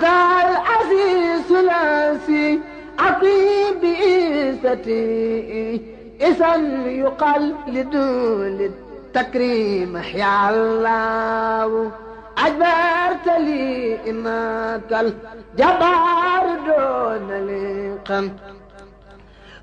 ذا العزيز ثلاثي أطيب بإيستي إذا يقال لدول التكريم حيا الله أجبرت لي إماك الجبار دون لقم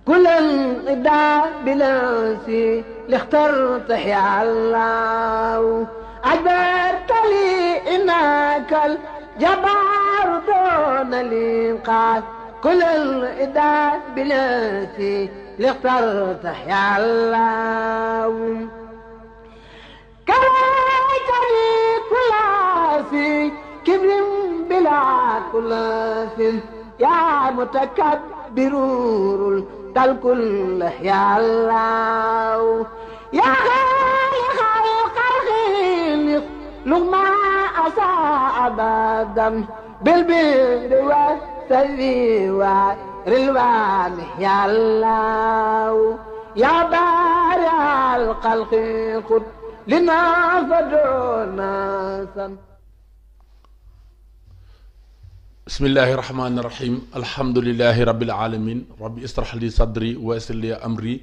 كل انقضاء بلاسي لاخترت يا الله أجبرت لي إماك الجبار جبار دون الإنقاذ كل الإداء بنفسي اللي اخترت يا الله كرهتني كل في كبر بلا كل في يا متكبر تل كل يا الله يا غالي له ما أصاب الدم بالبير والثري والرلوان يا الله يا بارع القلق قد لنا فدعونا بسم الله الرحمن الرحيم الحمد لله رب العالمين ربي اشرح لي صدري ويسر لي أمري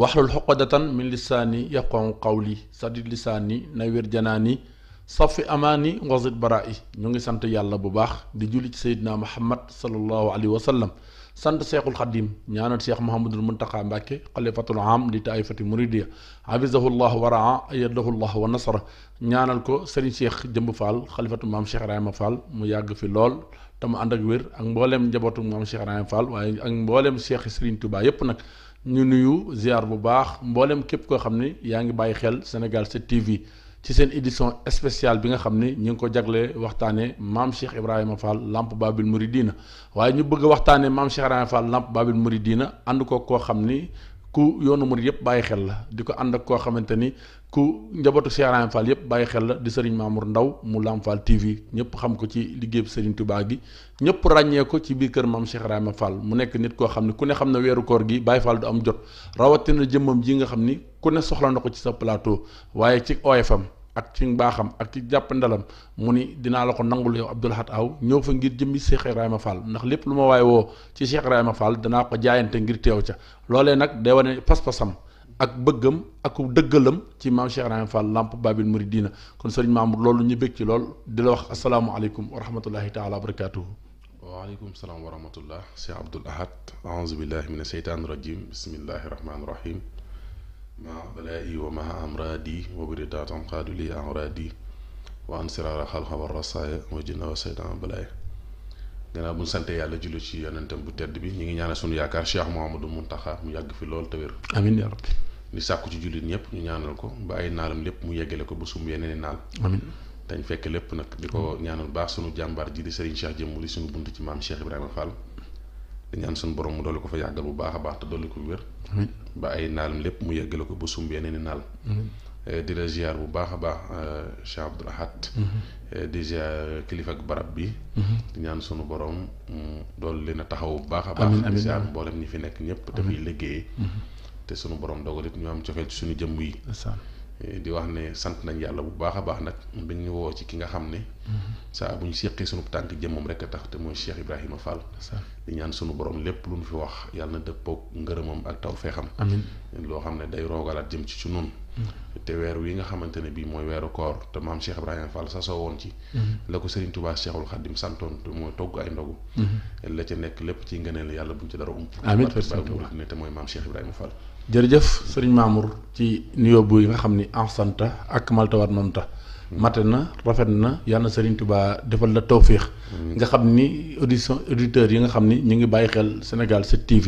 واحلل عقدة من لساني يفقهوا قولي سدد لساني نوير جناني safi amaani wasit baraa'i ñu ngi sant yàlla bu baax di julli ci seydina muhammad sallallahu alayhi wa sallam sant seexul xadim ñaanal seex muhammadul muntaqa mbàkke xalifatul am di taayifati muridiya hafizahu llah wa raa ayadahu llah wa nasara ñaanal ko sëriñ seex jëmb faal xalifatu maam Cheikh Ibrahima Fall mu yàgg fi lool te mu ànd ak wér ak mbooleem njabootu maam Cheikh Ibrahima Fall waaye ak mbooleem seexi sëriñ Tuubaa yépp nag ñu nuyu ziar bu baax mbooleem képp koo xam ne yaa ngi bàyyi xel Sénégal 7 ci seen édition spéciale bi nga xam ne ñu ngi ko jaglee waxtaanee maam Cheikh Ibrahima Fall lamp Babil Mouridina waaye ñu bëgg a waxtaanee maam Cheikh Ibrahima Fall lamp Babil Mouridina ànd ko koo xam ni ku yoonu murid yëpp bàyyi xel la di ko ànd ak koo xamante ni ku njabootu Cheikh Ibrahima Fall yëpp bàyyi xel la di Serigne Mamour Ndaw mu Lamp Fall TV ñëpp xam ko ci liggéey Serigne Touba gi ñëpp ràññee ko ci biir kër maam Cheikh Ibrahima Fall mu nekk nit koo xam ne ku ne xam ne weeru koor gi Baye Fall du am jot rawatina jëmmam ji nga xam ni ku ne soxla na ko ci sa plateau waaye ci OFM ak ci mbaaxam ak ci jàpp ndalam mu ni dinaa la ko nangu yow Abdoul Ahad Aw ñëw fa ngir jëmmi Cheikh Ibrahima Fall ndax lépp lu ma waaye woo ci Cheikh Ibrahima Fall dana ko jaayante ngir teew ca loolee nag day wane pas-pasam ak bëggam ak dëggalam ci maam Cheikh Ibrahima Fall lamp Babil na kon sëriñ Mamour loolu ñu bëgg ci lool di la wax asalaamualeykum wa rahmatullahi taala wa barakatuhu waaleykum salaam wa rahmatullah Cheikh Abdoul Ahad aouzu maa balaa'i wa maa amraadi wa buridat tanqaadu li amraadi wa ansiraara xalxa wa rasaaya wa jinna wa saytaan balaay gannaaw bu ñu sante yàlla julli ci yonentam bu tedd bi ñu ngi ñaanal sunu yaakaar Cheikh Mouhamadou Mountakha mu yàgg fi lool te ni di sàkku ci jullit ñëpp ñu ñaanal ko ba ay naalam lépp mu yeggale ko ba sum yeneen naal amiin dañ fekk lépp nag di ko ñaanal baax sunu jàmbaar ji di Serigne Cheikh jëmmuli sunu bunt ci maam Cheikh Ibrahima Fall di ñaan suñu borom mu dolli ko fa yàggal bu baax a baax te dolli ko wér. ba ay naalam lépp mu yeggale ko bu sumb yeneen i naal. Eh, di la ziar bu baax a baax eh, Cheikh Abdoul Ahad mhm. eh, di ziar kilifa ak barab bi. Mhm. di ñaan suñu borom dool leen a taxaw bu baax a baax. amiin ziar mboolem ñi fi nekk ñëpp. fiy liggéey. Mhm. te sunu borom dogal it ñu am cofeel ci suñu jëmm yi. Eh, di wax ne sant nañ yàlla bu baax a baax nag bi ñu woo ci ki nga xam ne. Mm-hmm. saa bu ñu seqee sunu tànk jëmmam rek a tax te mooy Cheikh Ibrahima Fall. di ñaan sunu borom lépp lu ñu fi wax yàlla na dëppoog ngërëmam ak taw feexam. amiin loo xam ne day roogalaat jëm ci ci mm-hmm. te weer wi nga xamante ne bii mooy weeru koor te maam Cheikh Ibrahima Fall sa soo woon ci. Mm-hmm. la ko Serigne tubaa Cheikhul Khadim santoon te mooy togg ay ndogu. la ca nekk lépp ci ngëneel yàlla buñ ci dara ump. amiin te mooy maam Cheikh Ibrahima Fall. jërëjëf sëriñ Mamour ci nuyoo bu nga xam ni ansanta ak maltawar mamta mate na rafet na yal na Serigne Touba defal la tawféex. nga xam ni audition auditeurs yi nga xam ni ñu ngi bàyyi xel Sénégal 7 TV.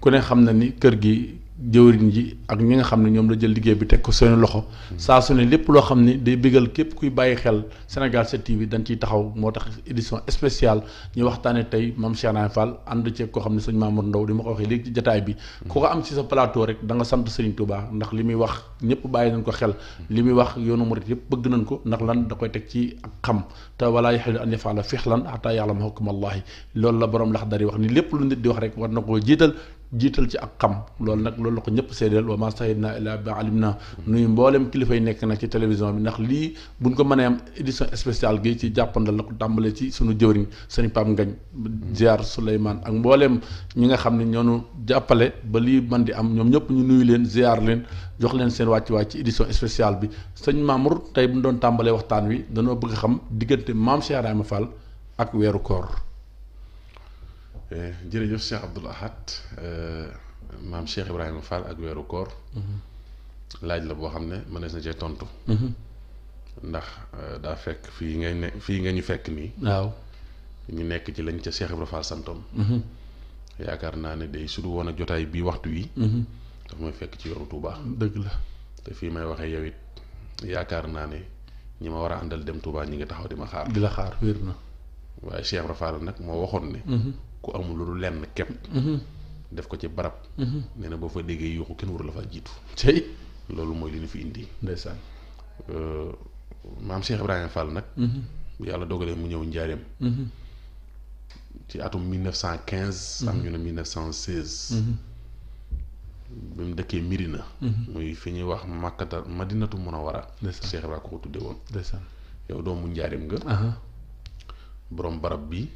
ku ne xam na ni kër gi jëwriñ ji ak ñi nga xam ne ñoom la jël liggéey bi teg ko seen loxo saa su ne lépp loo xam ne day bégal képp kuy bàyyi xel Sénégal 7 TV dañ ciy taxaw moo tax édition spéciale ñu waxtaane tey Mame Cheikh Ibra Fall ànd ceeg koo xam ne sëñ Mamour Ndaw di ma ko waxee léegi jataay bi ko am ci sa plateau rek da nga sant Sëriñ Touba ndax li muy wax ñëpp bàyyi nañ ko xel li muy wax yoonu murit yëpp bëgg nañ ko ndax lan da koy teg ci ak xam te walaa yaxilu an yafaala fixlan xataa ya'lama hukma Allahi loolu la borom lax dari wax ni lépp lu nit di wax jiital ci ak xam loolu nag loolu la ko ñëpp seedeel wa ma sahidna illa bi alim na nuyu mboolem kilifa yi nekk nag ci télévision bi ndax lii buñ ko mënee am édition spéciale gi ci jàppandal la ko tàmbalee ci suñu jëwriñ sëñ Pape ngañ ziar Souleymane ak mbooleem ñi nga xam ne ñoonu jàppale ba lii man di am ñoom ñëpp ñu nuyu leen ziar leen jox leen seen wàccuwaay ci édition spéciale bi sëñ Mamour tey bu doon tàmbalee waxtaan wi danoo bëgg xam diggante maam Cheikh Ibrahima Fall ak weeru koor Eh, jërëjëf Cheikh Abdoul Ahad eh, maam Cheikh Ibrahima Fall ak weeru koor. Mm-hmm. laaj la boo xam ne mënees na cee tontu. Mm-hmm. ndax eh, daa fekk fii ngay ne fii nga ñu fekk nii. waaw ñu nekk ci lañ ca Cheikh Ibrahima Fall santoon. Mm-hmm. yaakaar naa ne day su du woon ak jotaay bii waxtu yi dafa may fekk ci yoonu Touba. dëgg la te fii may waxee yow it yaakaar naa ne ñi ma war a àndal dem Touba ñi ngi taxaw di ma xaar. di la xaar wér na. waaye Cheikh Ibrahima Fall nag moo waxoon ne. ku amul lu lenn képp. Mhm. def ko ci barab. Mhm. nee boo fa déggee yuuxu kenn waru la jiitu. tey loolu mooy li ñu fi indi. Euh, maam Cheikh Ibrahima Fall nag. Mhm. bu yàlla dogalee mu ñëw njaareem. ci atum 1915. am ñu ne 1916. bi mu dëkkee Mirina. muy fi ñuy wax Makkata Madinatu Munawara. ndeysaan Cheikh Ibrahima ko ko tuddee woon. ndeysaan doomu njaareem nga. borom barab bi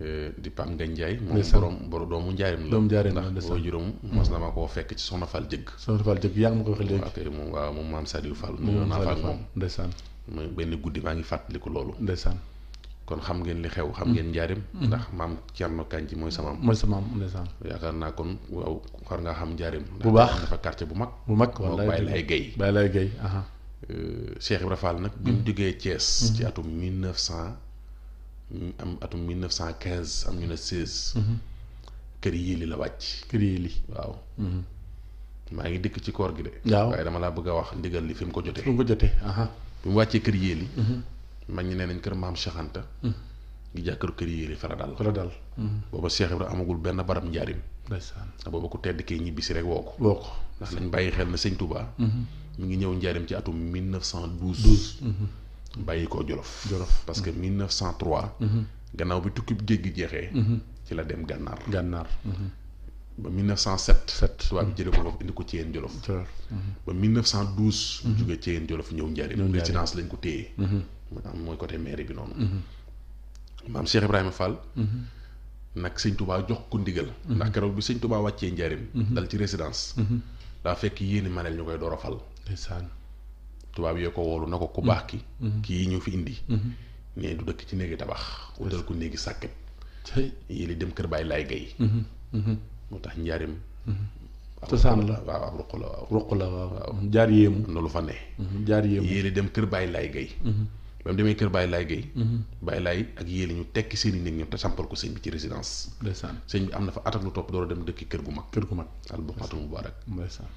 Eh, di pam ngagne jay mo borom borom doomu njaarim la doomu njaarim la ndax juroom mos mm. na ma ko fekk ci soxna fal jeug soxna fal jeug yang mako wax leegi ak mo wa mo mam sadiou fal mo na fal mom ndessane mo benn goudi ma ngi fataliku lolou ndessane kon xam ngeen li xew xam ngeen mm. njaarim mm. ndax maam cerno kanji moy sama moy sama ndeysaan yaakar na kon waw xar nga xam njaarim bu baax dafa quartier bu mak bu mak wallahi bay lay gay bay lay gay aha euh cheikh ibrahima fall nak bi mu duggé thiès ci atum 1900 am atum 1915 am ñu ne 16. Mhm. kër yéeli la wàcc. kër yéeli waaw. Mhm. maa ngi dëkk ci koor gi de. waaw waaye dama laa bëgg a wax ndigal li fi mu ko jotee. fi ko jotee bi mu wàccee kër yéeli. Mhm. mag ñi nee nañ kër maam Cheikh Anta. ngi jàkkaru kër yéeli fara dal. fara dal. booba Cheikh Ibra amagul benn barab njaarim. ndeysaan booba ku tedd kee ñibbi si rek woo ko. woo ko ndax nañ bàyyi xel na sëñ Touba. mi ngi ñëw njaarim ci atum 1912. bàyyi ko jolof jolof parce que 1903 mhm. gannaaw bi tukki jéggi jeexee mhm. ci la dem gannar gànnaar mhm. ba 1907 7 tubaab bi jëlee ko foofu indi ko ci yéen jolof ba 1912 mu jógee ci yéen jolof ñëw njaarim résidence lañ ko téye maanaam moy côté maire bi noonu mam Cheikh Ibrahima Fall nak seigne touba jox ko ndigal ndax kéro bi seigne touba waccé njaarim dal ci résidence la fekk yéeni maneel ñu doro door a fal ndeysaan tubaab yoo ko woolu na ko ku mm-hmm. baax ki mm-hmm. kii ñu fi indi nee mm-hmm. du dëkk ci néegi tabax utal ko néegi sàkket yi li dem kër bàyyi laay gay moo tax njaarim cosaan la la la waaw jaar yéemu loolu fa ne jaar yéemu yéeli dem kër bàyyi laay gay ba mu demee kër bàyyi laay gay bàyyi laay ak yéeli ñu tekki seen i néeg ñoom te sampal ko sëñ bi ci résidence ndeysaan sëñ bi am na fa at lu topp door a dem dëkki kër gu mag kër gu mag al buqaatul mubaarak ndeysaan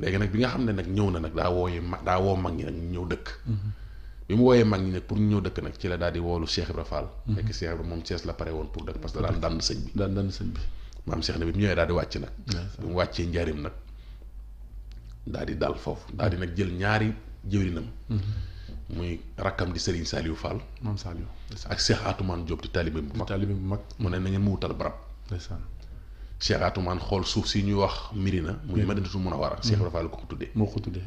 léegi nag bi nga xam ne nag ñëw na nag daa wooyee ma daa woo mag ñi nag ñëw dëkk. Mhm. bi mu wooyee mag ñi nag pour ñu ñëw dëkk nag ci la daal di woolu Cheikh Ibra Fall. Mhm. fekk Cheikh moom Cees la pare woon pour dëkk parce que daan dànn sëñ bi. daan dànn sëñ bi maam Cheikh bi ñëwee daal di wàcc nag. bi mu wàccee njaarim di dal foofu daal di nag jël ñaari jëwrinam mhm. muy rakkam di Serigne Saliou Fall. maam Saliou ak Cheikh Atoumane Diop di taalibe bu mag di taalibe mag mu ne nañu mu wutal barab. Cheikh Atoumane xool suuf si ñuy wax Mirina muy Madinatu Munawara Cheikh Ibra Fall ko ko tuddee moo ko tuddee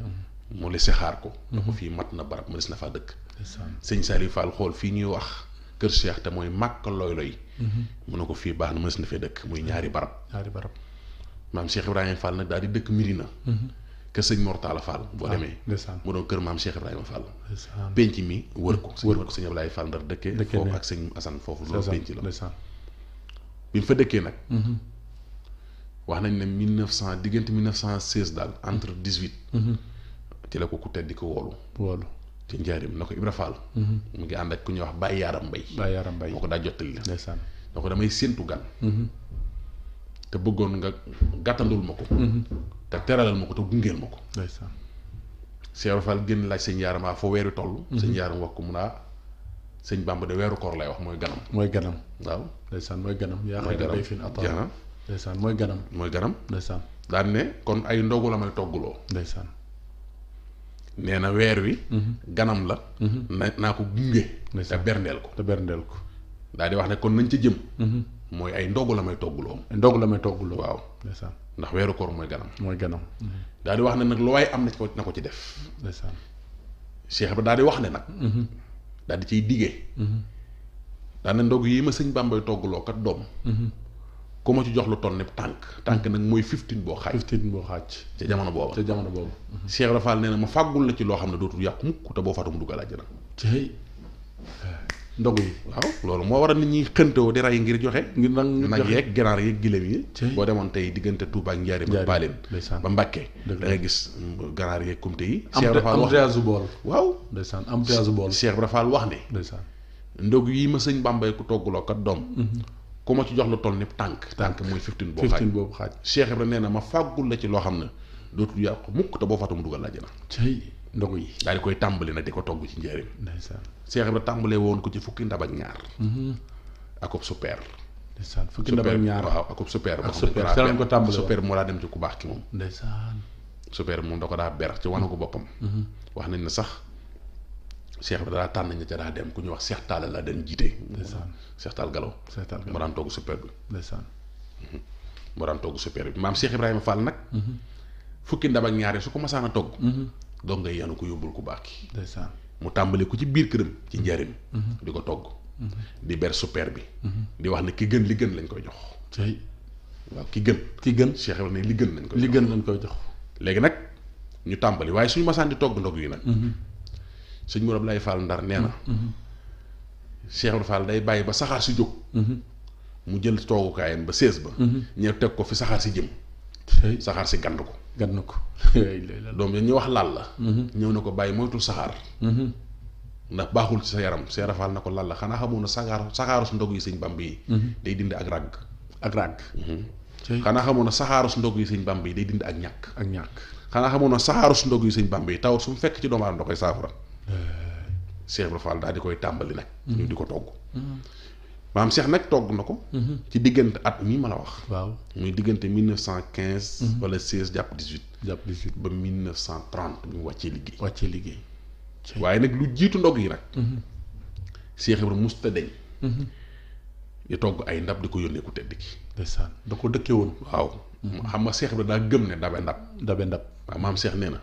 mu lese xaar ko da ko fii mat na barab mënees na faa dëkk sëñ Saliou Fall xool fii ñuy wax kër Cheikh te mooy màkk looy looy mu ne ko fii baax na mënees na fee dëkk muy ñaari barab ñaari barab maam Cheikh Ibrahima Fall nag daal di dëkk Mirina kër sëñ Mortala Fall boo demee mu doon kër maam Cheikh Ibrahima Fall penc mi wër ko wër ko sëñ Ablaye Fall ndar dëkkee foofu ak sëñ Assane foofu loolu penc la bi mu fa dëkkee nag wax nañ ne 1900 diggante 1916 dal entre 18 mhm. ci la ko ku tedd ko wolu wolu ci njaarim nako ibra fall mhm. mu ngi ànd ak ku ñu wax bàyyi yaram bay bàyyi yaram bay ko da jotali la ndeysaan nako damay sentu gan mhm. te bëggoon nga gàttandul mako te teralal mako te gungel mako ko ndeysaan fall genn laaj sëñ yaram waa ah, foo tollu toll yaram wax ko mu naa ah, sëñ de weeru kor lay wax moy ganam moy ganam waaw ndeysaan moy ganam Ya. xëy na day fin atta ndeysaan mooy ganam mooy ganam ndeysaan daan ne kon ay ndogu la may togguloo ndeysaan nee na weer wi mhm. ganam la mhm. na naa ko gunge te berndeel ko te berndeel ko daal wax ne kon nañ ci jëm mhm. mooy ay ndogu la may togguloo ndogu la may togguloo waaw ndax weeru koor mooy ganam mooy ganam daal wax ne nag lu am na ko na ko ci def ndeysaan cheikh ba daal di wax ne nag daal ciy diggee daal ne ndog yi ma sëñ Bàmbay togguloo doom ku ma ci jox lu toll ne tànk tànk mm. nag mooy fifteen boo xaaj fifteen boo xaaj ca jamono booba ca jamono booba mm-hmm. Cheikh Rafal nee na ma fàggul la ci loo xam ne dootul yàqu mukk te boo fatum dugal àjjana ci yi waaw loolu moo waral nit ñi xëntewoo di ray ngir joxe ngir nag nag yeeg ganaar yeeg giléem yi boo demoon tey diggante Touba ak Njaaréem ba Baaleen ba Mbàkke da nga gis mm, ganaar yeeg kumte yi Cheikh Rafal wax bool waaw ndeysaan am bool Cheikh Rafal wax ne ndogu yi ma sëñ Bàmbaay ku togguloo kat doom mm-hmm. ku ma ci jox lu toll ni tànk tànk mooy fifteen boobu xaaj boobu xaaj nee na ma fàggul la ci loo xam ne dootul yàqu mukk te boo fàttu mu dugal laa jëna cay ndogu yi daal di koy tàmbali nag di ko togg ci njëriñ ndeysaan tàmbalee woon ko ci fukki ndab ak ñaar mm-hmm. akob super ndeysaan fukki ndab ak ñaar waaw akob super super ko tàmbale super moo daa dem ci ku baax ki moom ndeysaan super moom da ko daa ber ci wanagu boppam mm-hmm. wax nañ na sax cheikh bi dara tànn nga ca dem ku ñu wax cheikh taal la daan jité cheikh tal galo cheikh taal mo ran togu togg super bi. ndeysaan. moo mhm. daan super bi maam cheikh ibrahim Fall nak mhm. fukki ndab ak ñaari su ko masaan a togg. Mhm. do ngay yanu ko yobul ku baax ndessan mu tàmbale ko ci biir kërëm ci njariñ. diko ko togg. di ber super bi. di wax ne ki gën li gën lañ koy jox. tay wa ki gën. ki gën cheikh ibrahim li gën lañ koy jox. li gën lañ koy jox. léegi nak ñu tambali waaye suñu masaan di togg ndog yi nak sëñ Mourou Abdoulaye Fall Ndar nee na. Mhm. Mhm. Cheikh Ibrahima Fall day bàyyi ba saxaar si jóg. Mhm. mu jël toogukaayam ba sées ba. ñëw tek ko fi saxaar si jëm. saxaar si gand ko. gand ko doom yi ñu wax lal la. ñëw na ko bàyyi moytul saxaar. ndax baaxul ci sa yaram Cheikh Ibrahima Fall na ko lal la xanaa na saxaar saxaarus yi sëñ bambi day dindi ak ak na yi bambi day dindi ak ak na yi bambi taw su fekk ci Cheikh Ibrahima Fall daal di koy tàmbali nag. Mhm. ñu di ko togg. Mhm. maam Cheikh nag togg na ko. Mhm. ci diggante at mii ma la wax. waaw muy diggante mille neuf cent quinze. wala seize jàpp dix huit. jàpp dix huit ba mille neuf cent trente bu wàccee liggéey. waaye nag lu jiitu ndog yi nag. Cheikh Ibrahima musta deñ di togg ay ndab di ko yónnee ku tedd ki. ndeysaan da ko dëkkee woon. waaw xam nga Cheikh daa gëm ne dabe ndab. dabe ndab waaw maam Cheikh nee na.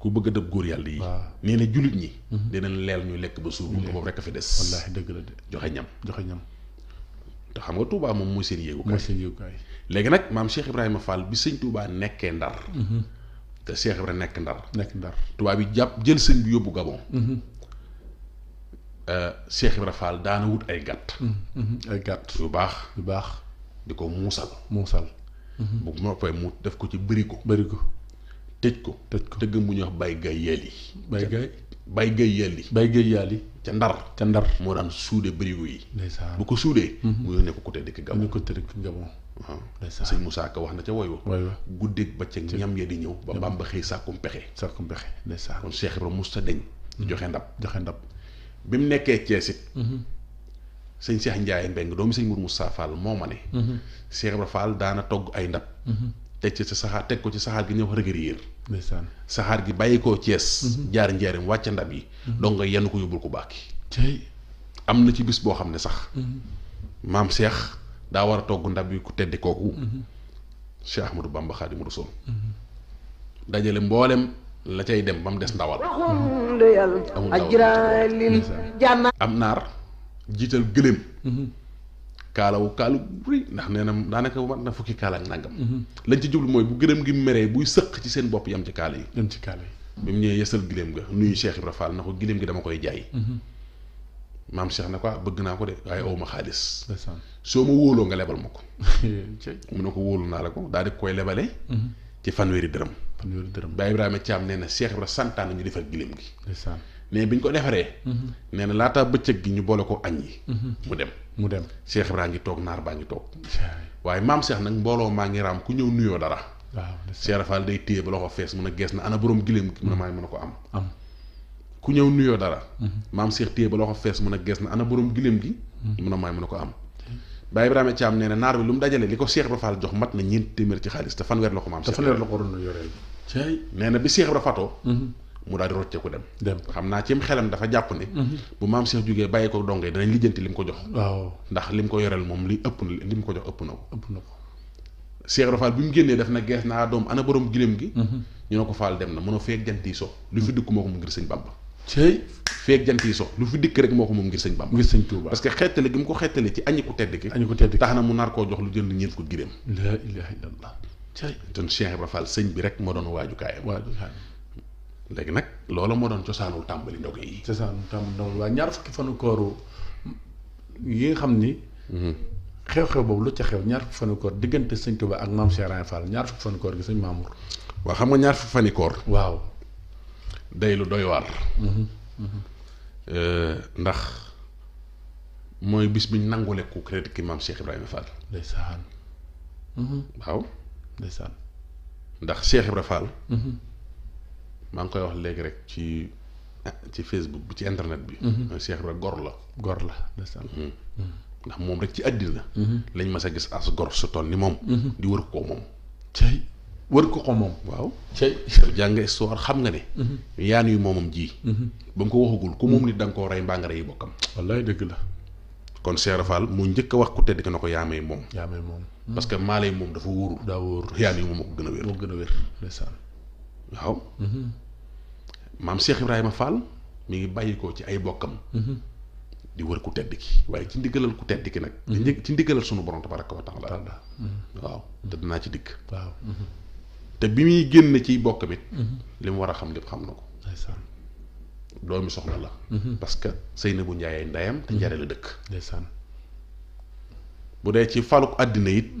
ku bëgg a dëb góor yàlla yi. nee jullit ñi. Mhm. dinañ leel ñu lekk ba suur. Mhm. boobu rek a fi des. dëgg la joxe ñam joxe ñam. te xam nga Touba moom mooy seen yéegukaay mooy léegi nag maam Cheikh Ibrahima Fall bi sëñ Touba nekkee ndar. Mhm. te Cheikh Ibrahima nekk ndar. nekk ndar Touba bi jàpp jël sëñ bi yóbbu Gabon. Euh, Cheikh Ibrahima Fall daana wut ay gàtt. ay gàtt yu baax yu baax. di ko muusal. muusal. bu ma mu def ko ci bëri ko bëri ko. tëj ko tëj ko dëgg mu ñuy wax bay gay yelli bay gay bay gay yelli bay gay yelli ca ndar ca ndar moo daan suude barigo yi bu ko suudee mhm. mu yónnee ko côté dëkk Gabon côté dëkk Gabon waaw sëñ Moussa Ka wax na ca woy wa woy wa guddeeg bëccëg ñam ya di ñëw ba Bamba xëy sàkkum pexe sàkkum pexe ndeysaan kon Cheikh Ibrahima musta deñ mhm. joxe ndab joxe ndab bi mu nekkee Cees it mhm. sëñ Cheikh Ndiaye Mbeng doomu sëñ Mour Moussa Fall moo ma ne Cheikh Ibrahima Fall daana togg ay ndab teg ci sa saxaar teg ko ci saxaar gi ñëw rëgëriir saxaar gi bàyyi koo Cees mhm. jaar njaarim wàcc ndab yi mhm. donc nga yenn ko yóbbul ku baax am na ci bis boo xam ne sax mhm. maam Cheikh daa war a togg ndab yi ku teddi kooku Cheikh Ahmadou Bamba Xaadimu Rasuul dajale mboolem la cay dem ba mu des ndawal am naar jiital gëléem kaalawu kaalu rëy ndax nee na daanaka war na fukki kaala ak nangam. Mhm. lañ ci jublu mooy bu gërëm gi meree buy sëq ci seen bopp yam ci kaala yi. yam ci kaala yi. bi mu ñëwee yesal gileem ga nuyu Cheikh Ibra Fall na ko gileem gi dama koy jaay. Mhm. maam Cheikh ne ko ah, bëgg naa ko de waaye aw ma xaalis. soo ma wóoloo nga lebal ma ko. mu ne ko wóolu naa la ko daal di koy lebale. Mhm. ci fanweeri dërëm. fanweeri dërëm Baye Ibrahima Thiam nee na santaan ñu defar gileem gi. mais bi ñu ko defaree. Mhm. nee na laataa bëccëg gi ñu boole ko añ yi. Mhm. mu dem mu dem Cheikh Ibra ngi toog naar baa ngi toog. waaye maam seex nag mbooloo maa ngi raam ku ñëw nuyoo dara. waaw Cheikh Rafal day téye ba loxo fees mun a gees na ana borom gileem gi mun a mhm. maay mën a ko am. ku ñëw nuyoo dara. maam Cheikh téye ba loxo fees mun a gees na ana borom gileem gi. mun a maay mën a ko am. Baye Ibrahima Thiam nee na naar bi lu mu dajale li ko Cheikh Ibra Fall jox mat na ñeent téeméer ci xaalis te fanweer la ko maam. te fanweer la ko waroon a yoreel. nee na bi Cheikh Ibra mu daal di rocceeku dem. dem xam naa cim xelam dafa jàpp ne. Mhm. bu maam Cheikh jógee bàyyi ko dongee danañ li lim ko jox. waaw ndax ko yoreel moom li ëpp na ko jox ëpp na ko. na ko Cheikh Rafal bi mu génnee def na gees naa doom ana borom gileem gi. Mhm. ñu ne ko Fall dem na mën a feeg jant yi so. lu fi mhm. dëkk moo ko moom ngir sëñ Bamba. cey feeg dikk moo ko moom ngir sëñ Bamba. ngir sëñ Touba parce que xeetale gi mu ko xeetale ci añi ku tedd ki. tax na mu nar koo jox lu jënd ñeent ko gileem. la ilaha illallah. cey ton Cheikh Rafal sëñ bi rek moo doon waajukaayam léegi nag loolu moo doon cosaanu tàmbali ndogu yi. cosaanu tàmbali ndogu waaye ñaar fukki fanu kooru yi nga xam ni. Mhm. xew-xew boobu lu ca xew ñaar fukki fanu diggante sëñ Tuba ak maam Cheikh Ibra Fall ñaar fukki fanu koor gi sëñ Mamour. waaw xam nga ñaar fukki fani waaw day lu doy waar. Mhm, mhm. Euh, ndax mooy bis bi ñu nangule ku crédit ki maam Cheikh Ibrahima Fall. ndeysaan. waaw. ndeysaan. ndax Cheikh Ibrahima Fall. maa ngi koy wax léegi rek ci ci Facebook bi ci internet bi. Mhm. Cheikh Ibra gor la. gor la mhm. Mhm. ndax moom rek ci àddina. lañ mas a gis as gor su toll ni moom. di wër ko moom. cey wër ko ko moom. waaw cey jàng histoire xam nga ne. yaan yu moomam ji. ba nga ko waxagul ku moom nit da nga koo rey mbaa nga rey bokkam. wallaay dëgg la. kon Cheikh Fall mu njëkk a wax ku tedd ki na ko yaamay moom. yaamay moom. parce que maa moom dafa wóorul. daa wóorul yaan yu moom moo gën a wér. moo gën a wér ndeysaan waaw. maam Cheikh Ibrahima Fall mu ngi bàyyikoo ci ay bokkam. di wër ku tedd ki waaye ci ndiggalal ku tedd ki nag. Mhm. ci ndiggalal sunu borom tabaraka wa taala mhm. waaw te dinaa ci dikk. waaw te bi muy génn ci bokkam mhm. li mu war a xam lépp xam na ko. doomi soxna la. parce que Seynabou Ndiaye ndeyam te njare la dëkk. ndeysaan bu dee ci faluk àddina it.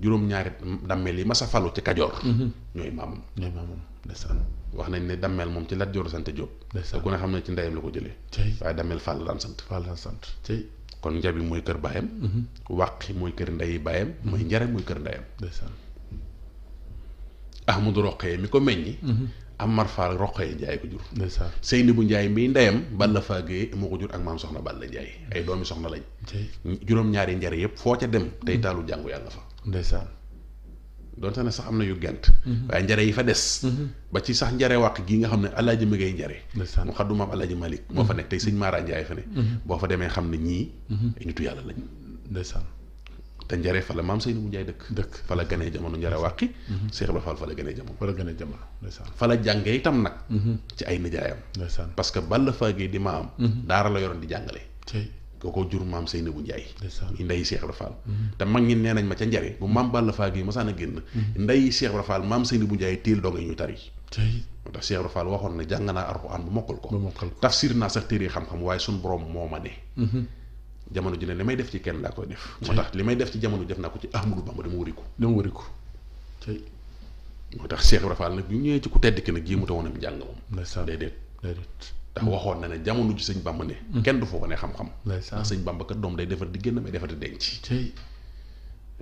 juróom-ñaari dammeel yi mas a falu ci Kajoor. ñooy maamam. ndeysaan wax nañ ne dammel moom ci Lat Joor sant Jóob ndeysaan ku ne xam ne ci ndeyam la ko jëlee waaye dammel Fall la daan sant Fall la sant cey kon njabi mooy kër baayam mhm. wàqi mooy kër ndeyi baayam mhm. mooy njare mooy kër ndeyam ndeysaan Ahmadu Roqee mi ko meññi mhm. Amar Fall Roqee Njaay ko bu Njaay mi ndeyam Balla Faagee moo ko jur ak maam soxna Balla Njaay ay doomi soxna lañ juróom-ñaari njare yëpp foo ca dem tey taalu jàngu yàlla fa ndeysaan donte ne sax am na yu gent mhm. waaye njare yi fa des mhm. ba ci sax njare wàq gii nga xam ne alaaji mi ngay njare mu xaddu maam alaaji Malick moo fa mhm. nekk te sëñ Mara Ndiaye fa ne boo fa demee xam ne ñii ay nitu yàlla lañ ndeysaan te njare fa la maam Seyni mu Ndiaye dëkk dëkk fa la ganee jamono njare wàqi Cheikh Ibra Fall fa la ganee jamono fa la ganee jamono ndeysaan fa la jàngee itam nag ci ay nijaayam ndeysaan parce que balla faagee di maam daara la yoroon di jàngale kookoo jur maam bu Ndiaye nday Cheikh Ibra Fall mhm. te mag ñi nee nañ ma ca njare bu maam Balla Fall gi masaan a génn mhm. nday Cheikh Ibra Fall maam Seynabou Ndiaye téel dong yi ñu tari moo tax Cheikh Ibra Fall waxoon ne jàng naa Alxuraan bu mokkal ko tafsir naa sax téere xam-xam waaye suñ borom moo ma ne mhm. ji ne li def ci kenn laa koy def moo tax li may def ci jamono def naa ko ci Ahmadou Bamba dama wëri ko dama wëri ko moo tax Cheikh Ibra Fall nag ñu ñëwee ci ku tedd ki nag jéemu ta woon am njàng moom ndax waxoon na ne jamono ji sëñ bàmba ne mm. kenn du foo ko ne xam-xam ndax sëñ bàmba kat doom day defar di génn may defar di denc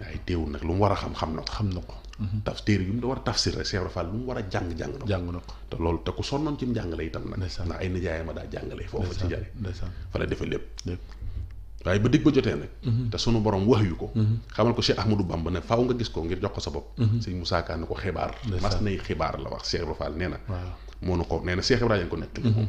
waaye teewul nag lu mu war a xam xam na ko xam na ko mm-hmm. taf téere yu mu da war a tafsir rek Cheikh Fall lu mu war a jàng-jàng na jàng te loolu te ku sonnoon ci njàngale itam nag ndax ay nijaayam a daa jàngale foofu ci jare fa la defe lépp waaye ba digg ba jotee nag mm-hmm. te sunu borom wax yu ko mm-hmm. xamal ko Cheikh Ahmadou Bamba na faaw nga gis ko ngir jox ko sa bopp sëñ Moussa ko xibaar mas nay xibaar la wax Cheikh Fall nee na moo nu ko nee na Cheikh Ibrahima ko nekk li moom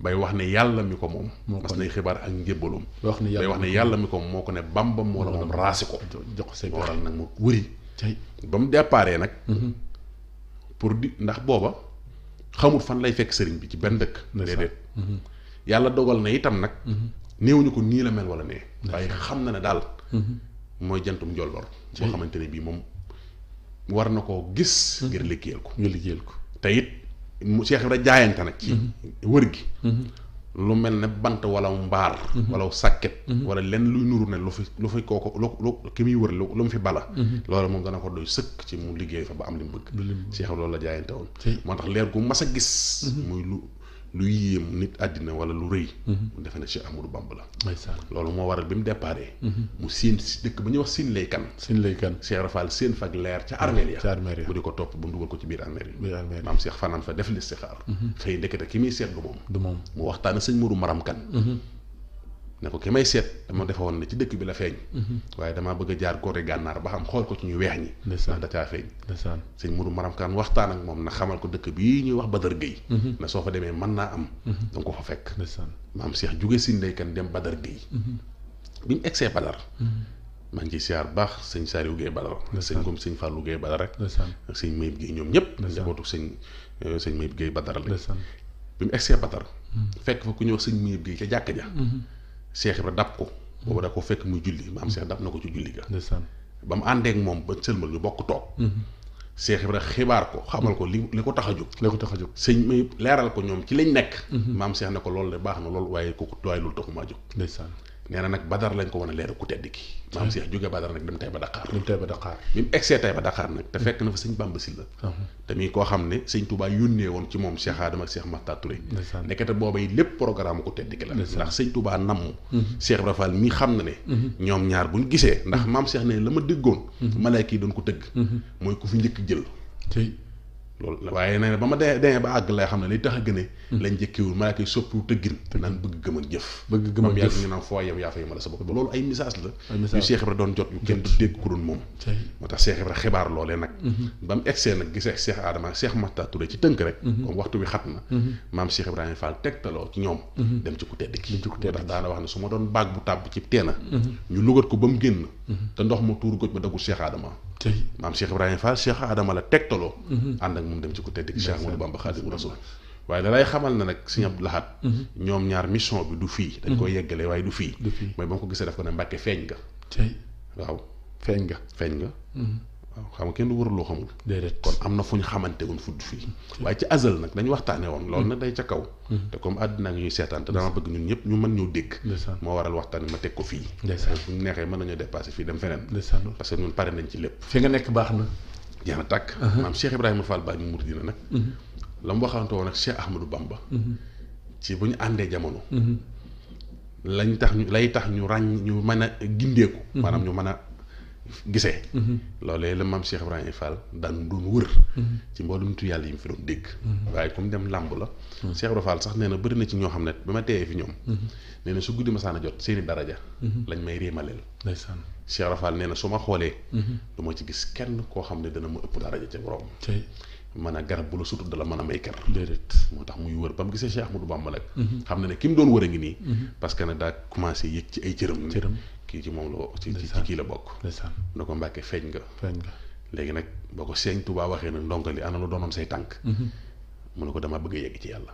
bay wax ne yàlla mi ko moom. moo ko nay xibaar ak njébbalum. wax ne yàlla bay wax ne yàlla mi ko moom moo ko ne bamba moo la moom raasi ko. jox ko say waral nag mu wëri. tey ba mu déparé nag. Mm-hmm. pour di ndax booba xamul fan lay fekk sëriñ bi ci benn dëkk. Mm-hmm. yàlla dogal na itam nag. Mm-hmm. néew ñu ko nii la mel wala nee. waaye xam na ne daal. mooy jantum njolloor. boo xamante ne bii moom war na koo gis. ngir liggéeyal ko ngir ko mu Cheikh Ibra jaayante nag ci mhm. wër gi mhm. lu mel ne bant wala mbaar mhm. wala sàkket wala lenn luy nuru ne lu fi lu fi kooko lu lu ki muy wër lu lu mu fi bala loolu moom dana ko doy sëkk ci mu liggéey fa ba am li mu bëgg loolu la jaayante woon moo tax leer gu mas a gis muy lu lu yéem nit àddina wala lu rëy. Mhm. mu defe ne Cheikh Amadou Bamba la. loolu moo waral bi mu déparé. Mhm. mu séen si dëkk ba ñu wax Sine lay kan. Sine lay kan Cheikh Rafal séen fag leer ca armeel ya. ca armeel ya mu di ko topp ba mu dugal ko ci biir armeel yi. maam Cheikh fanaan fa def li si xaar. Mhm. xëy ndekete ki muy seet du moom. du moom mu waxtaanee sëñ Maram kan. ne ko ki may seet dama defoon ne ci dëkk bi la feeñ mhm. waaye dama bëgg jaar côté gànnaar ba xam xool ko ci ñu weex ñi ndax da caa feeñ ndeysaan sëñ maram kan waxtaan ak moom na xamal ko dëkk bi ñuy wax Badar Gueye mhm. na soo fa demee mën naa am mhm. donc ko fa fekk ndeysaan maam Cheikh jóge si kan dem Badar Gueye bi mu egsee Badar maa ngi ciy siyaar baax sëñ Saliou Gueye Badar sëñ comme sëñ Fallou Gueye Badar rek ak sëñ Mayib Gueye ñoom ñëpp njabootu sëñ euh, sëñ Mayib Gueye Badar la bi mu egsee Badar fekk fa ku ñu wax sëñ Mayib Gueye ca jàkk ja Cheikh Ibra dab ko. boobu da ko fekk mu julli maam mm-hmm. Cheikh dab na ko ci julli ga. ba mu àndeek moom ba sëlmal ñu bokk toog. Mm-hmm. Cheikh Ibra xibaar ko xamal ko li li ko tax a jóg. li ko tax a jóg sëñ leeral ko ñoom ci lañ nekk. Mm-hmm. maam Cheikh ne ko loolu de baax na loolu waaye ku waaye loolu ma jóg. ndeysaan nee na nag badar lañ ko wan a leer ku tedd ki mm. maam Cheikh jóge badar nag dem tay ba Dakar dem tay ba Dakar bi mu egsee tay ba Dakar nag te mm. fekk na fa sëñ Bamba Sylla ah. te muy koo xam ne sëñ Touba yónnee woon ci moom Cheikh Adama ak Cheikh Makhtar nekkete booba yi lépp programme ku tedd ki la ndax sëñ Touba namm mm-hmm. Cheikh Ibra Fall xam na ne mm-hmm. ñoom ñaar buñ gisee ndax mm-hmm. maam Cheikh ne la ma déggoon malaaka yi doon ko tëgg mooy ku fi njëkk jël loolu la waaye nee na ba ma de demee ba àgg lay xam ne li tax a gënee hmm. lañ njëkkewul ma laa koy soppiwu tëggin naan bëgg gëm ak jëf bëgg gëm ak jëf ñu naan ba hmm. loolu ay message la yu Cheikh Ibra doon jot yu kenn du dégg ku doon moom nag hmm. ba mu egsee nag gisee Cheikh Adama ak Cheikh Mata ci tënk rek comme waxtu wi xat na maam Cheikh Ibrahima Fall tegtaloo ci ñoom dem ci ku tedd ki moo tax daana wax ne su ma doon baag bu tàbb ci teena ñu lugat ko ba mu génn te ndox ma tuur goj ba daggu Cheikh Adama tey maam Cheikh Ibrahima Fall Cheikh Adama la tegtaloo. Mhm. ànd ak moom dem ci ko tedd ki Cheikh ba Bamba Khadimu Rasul waaye da lay xamal na nag Sëñ Abdou Lahad mhm. ñoom ñaar mission bi du fii. dañ mhm. koy yeggale waaye du fii. mooy ba mu ko gisee daf ko ne mbàkke feeñ nga. tey waaw feeñ nga feeñ nga. xam nga kenn du wër loo xamul. déedéet kon am na fu ñu xamante woon fudd fii. waaye ci azal nag dañu waxtaanee woon. loolu mm-hmm. nag day ca kaw. Mm-hmm. te comme àddina ngi seetaan te dama bëgg ñun ñëpp ñu mën ñoo dégg. moo waral waxtaan ma teg ko fii. parce que ñun pare nañ ci lépp. fi nga nekk baax na. jeex na tàkk. Uh-huh. maam Cheikh Ibrahima Fall Baay mu Muridina nag. Mm-hmm. la mu waxante woon ak Cheikh Ahmadou Bamba. ci bu ñu àndee jamono. lañ tax ñu lay tax ñu ràññ ñu mën a gindeeku maanaam ñu mën a gisee. Mhm. loolee la maam Cheikh Ibrahima Fall daan doon wër. Mhm. ci mboolum tu yàlla yi mu fi doon dégg. Mhm. waaye comme dem làmb la. Cheikh Ibrahima Fall sax nee na bëri na ci ñoo xam ne ba ma teeyee fi ñoom. nee na su guddi ma saana jot seeni daraja. lañ may réemaleel. ndeysaan Cheikh Ibrahima Fall nee su ma xoolee. du ma ci gis kenn koo xam ne dana ma ëpp daraja ca borom. man a garab bu la sutu dala mën a may kër déedéet moo tax muy wër ba mu gisee Cheikh Ahmadou Bamba nag xam na ne ki a kii ci moom la ci ci kii la bokk. a ko mbàkke feeñ nga. feeñ nga léegi nag boo ko sëñ Tuubaa waxee nag ndongo li doonoon say tànk. Mhm. mu ne ko dama bëgg a yegg ci yàlla.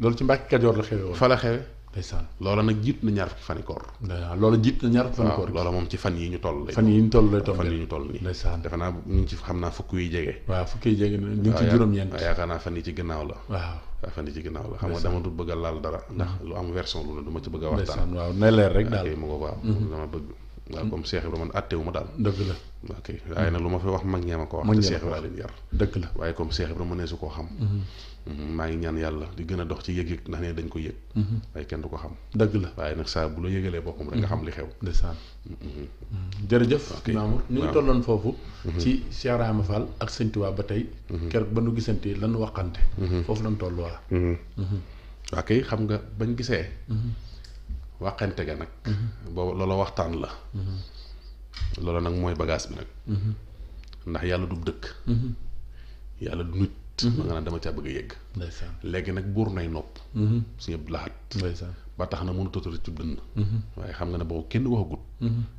loolu ci mbàkke Kajoor la xewe woon fa la xewe ndeysaan loola nag jiit na ñaar fukki fan yi koor loola jiit na ñaar fukki fan yi koor loola moom ci fan yi ñu toll fan yi ñu toll lay toll fan yi ñu toll nii ndeysaan naa ñu ci xam naa fukk yu jege waaw fukk yu jege ñu ci juróom-ñeent yaakaar naa fan yi ci gannaaw la waaw fan yi la xam nga dama du bëgg a laal dara ndax lu am version lu ne du ma ci bëgg a waxtaan waaw ne rek daal ah, ma ko waaw mhm. dama bëgg waaw comme Cheikh Ibrahima man àttewu ma daal dëgg la ok waaye nag lu ma fi wax mag ñee ma ko wax te Cheikh Ibrahima la waaye comme Cheikh Ibrahima mënee su koo xam mhm. Mhm, maa ngi ñaan yàlla di gën a dox ci yëg-yëg ndax ne dañ ko yëg mhm. waaye kenn du ko xam dëgg la waaye nag saa bu la yëgalee boppam rek nga xam mhm. li xew ndeysaan jërëjëf Mamour ñu ngi tolloon foofu ci Cheikh Rahma Fall ak Sëñ Tuubaa ba tey keroog ba nu gisantee lan waxante foofu lan toll waa kay xam nga bañ gisee waxante ga nag bo loola waxtaan la loola nag mooy bagage bi nag ndax yàlla du dëkk yàlla du nit ba mm-hmm. nga naan dama caa bëgg a yegg léegi nag buur nay nopp mm-hmm. suñu laxat ba tax na mënu a ci cib dënn mm-hmm. waaye xam nga ne boobu kenn waxagut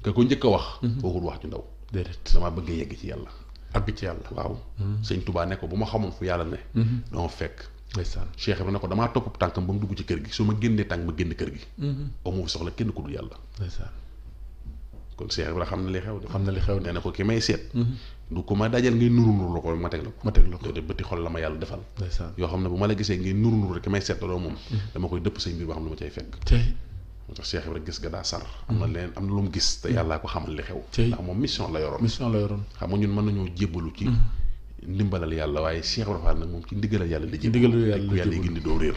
ka ko njëkk a wax waxul wax ju ndaw déedéet dama bëgg a yegg ci yàlla ak ci yàlla waaw sëñ Tuubaa ne ko bu ma xamoon fu yàlla ne dama fekk ndeysaan Cheikh bi ne ko dama topp tànkam ba mu dugg ci kër gi su ma génnee tànk ma génn kër gi amu fi soxla kenn ku dul yàlla ndeysaan kon Cheikh la xam na li xew de xam na li xew nee ko ki may seet du ku ma dajal ngay nuru nuru la ko ma teg la ko ma teg la xol la ma yàlla defal yoo xam ne bu ma la gisee ngay nuru nuru rek may seet doo moom mm-hmm. dama koy dëpp say mbir boo xam ne ma cay fekk moo tax Cheikh Ibrahima gis ga daa sar am na mm-hmm. leen am na lu mu gis te mm-hmm. yàllaa ko xamal li xew ndax moom mission la yoroon mission la yoroon xam nga ñun mën nañoo jébbalu ci ndimbalal yàlla waaye Cheikh Ibra Fall nag moom ci ndigalal yàlla la jëm ndigalal yàlla la yàlla gindi doo réer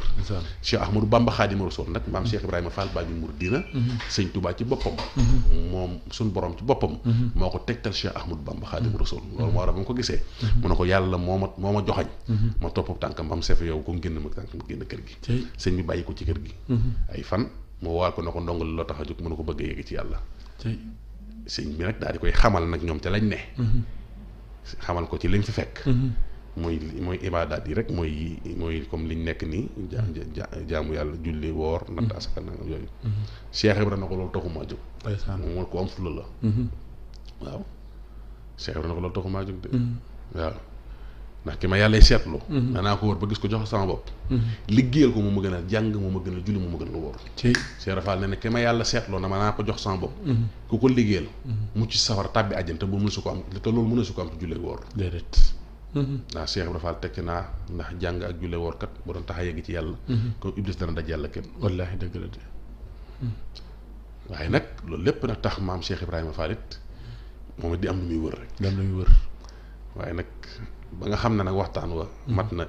Cheikh Ahmadou Bamba Xaadimu Rasuul nag maam Cheikh Ibrahima Fall baa ñu mur dina mhm. sëñ Touba ci boppam mhm. moom suñ borom ci boppam mhm. moo ko tegtal Cheikh Ahmadou Bamba Xaadimu Rasuul loolu moo war a ko gisee mu ne ko yàlla moo ma moo ma joxañ ma topp tànkam bam sefe yow ko génn ma tànkam génn kër gi sëñ bi bàyyi ko ci kër gi ay fan moo ko na ko loo a jóg mu ne ko a yegg ci yàlla bi nag daal di koy xamal nag ñoom ca lañ xamal ko ci liñ fi fekk. mooy mhm. mooy ibaadaat yi rek mooy mooy comme liñ nekk nii ja jaamu yàlla julli woor. natt mhm. asaka na yooyu. Mhm. Cheikh Ibrahima na ko loolu taxu maa jóg. moom mooy ko la. waaw Cheikh Ibrahima na ko loolu taxu maa jóg de. waaw. ndax ki ma yàlla seetlu. Mhm. danaa ko wër ba gis ko jox sama bopp. Mhm. liggéeyal ko moom ma gën a jàng moom ma gën a julli moom ma gën a wóor. ci Cheikh Rafal ne ne ki ma yàlla seetloo na ma naa ko jox sama bopp. Mhm. ku ko liggéeyal. mu ci safara tàbbi àjjana te bu mënu su ko am te loolu mënu su ko am te jullee wóor. déedéet. ndax Cheikh Rafal tekki naa ndax jàng ak jullee kat bu doon tax a yegg ci yàlla. kon Iblis dana daj yàlla kenn. wallaahi dëgg la de. Hmm. nag loolu lépp nag tax maam Cheikh Ibrahima Fall it moom it di am lu muy wër rek. di am lu muy wër waaye nag ba nga xam ne nag waxtaan wa hmm. mat na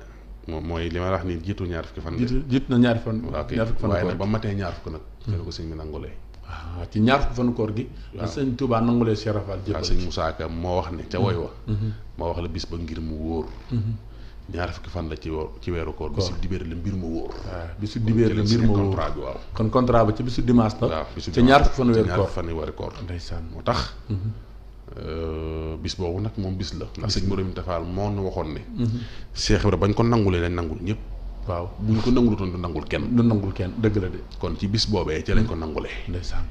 moom mooy li ma wax nii jiitu ñaar fukki fan. jiitu jiitu na ñaar fan. waaw kay waaye nag ba matee ñaar fukk nag. dina hmm. ko sëñ bi nangulee. waaw ah, ci ñaar fukki fanu koor gi. waaw na sëñ Touba nangulee Cheikh Rafal. jébbal sëñ Moussa Ka moo wax ne ca woy wa. Hmm. moo wax la bis ba ngir mu wóor. ñaar fukki fan la ci wóor ci weeru koor. bisu dibéer la mbir mu wóor. waaw ah, bisu dibéer la mbir mu wóor contrat bi waaw. kon contrat ba ci bisu dimanche la. waaw bisu dimanche ca ñaar fukki fan weeru koor ca ñaar fukki fan weeru koor. ndeysaan moo tax. Euh, bis boobu nag moom bis la ndax sëñ Mourou Tafaal moo nu waxoon ne. Mhm. Cheikh Ibra bañ ko nangulee leen nangul ñëpp. waaw buñ ko nangulutoon du nangul kenn. du nangul kenn dëgg la de. kon ci bis boobee ci lañ ko nangulee. ndeysaan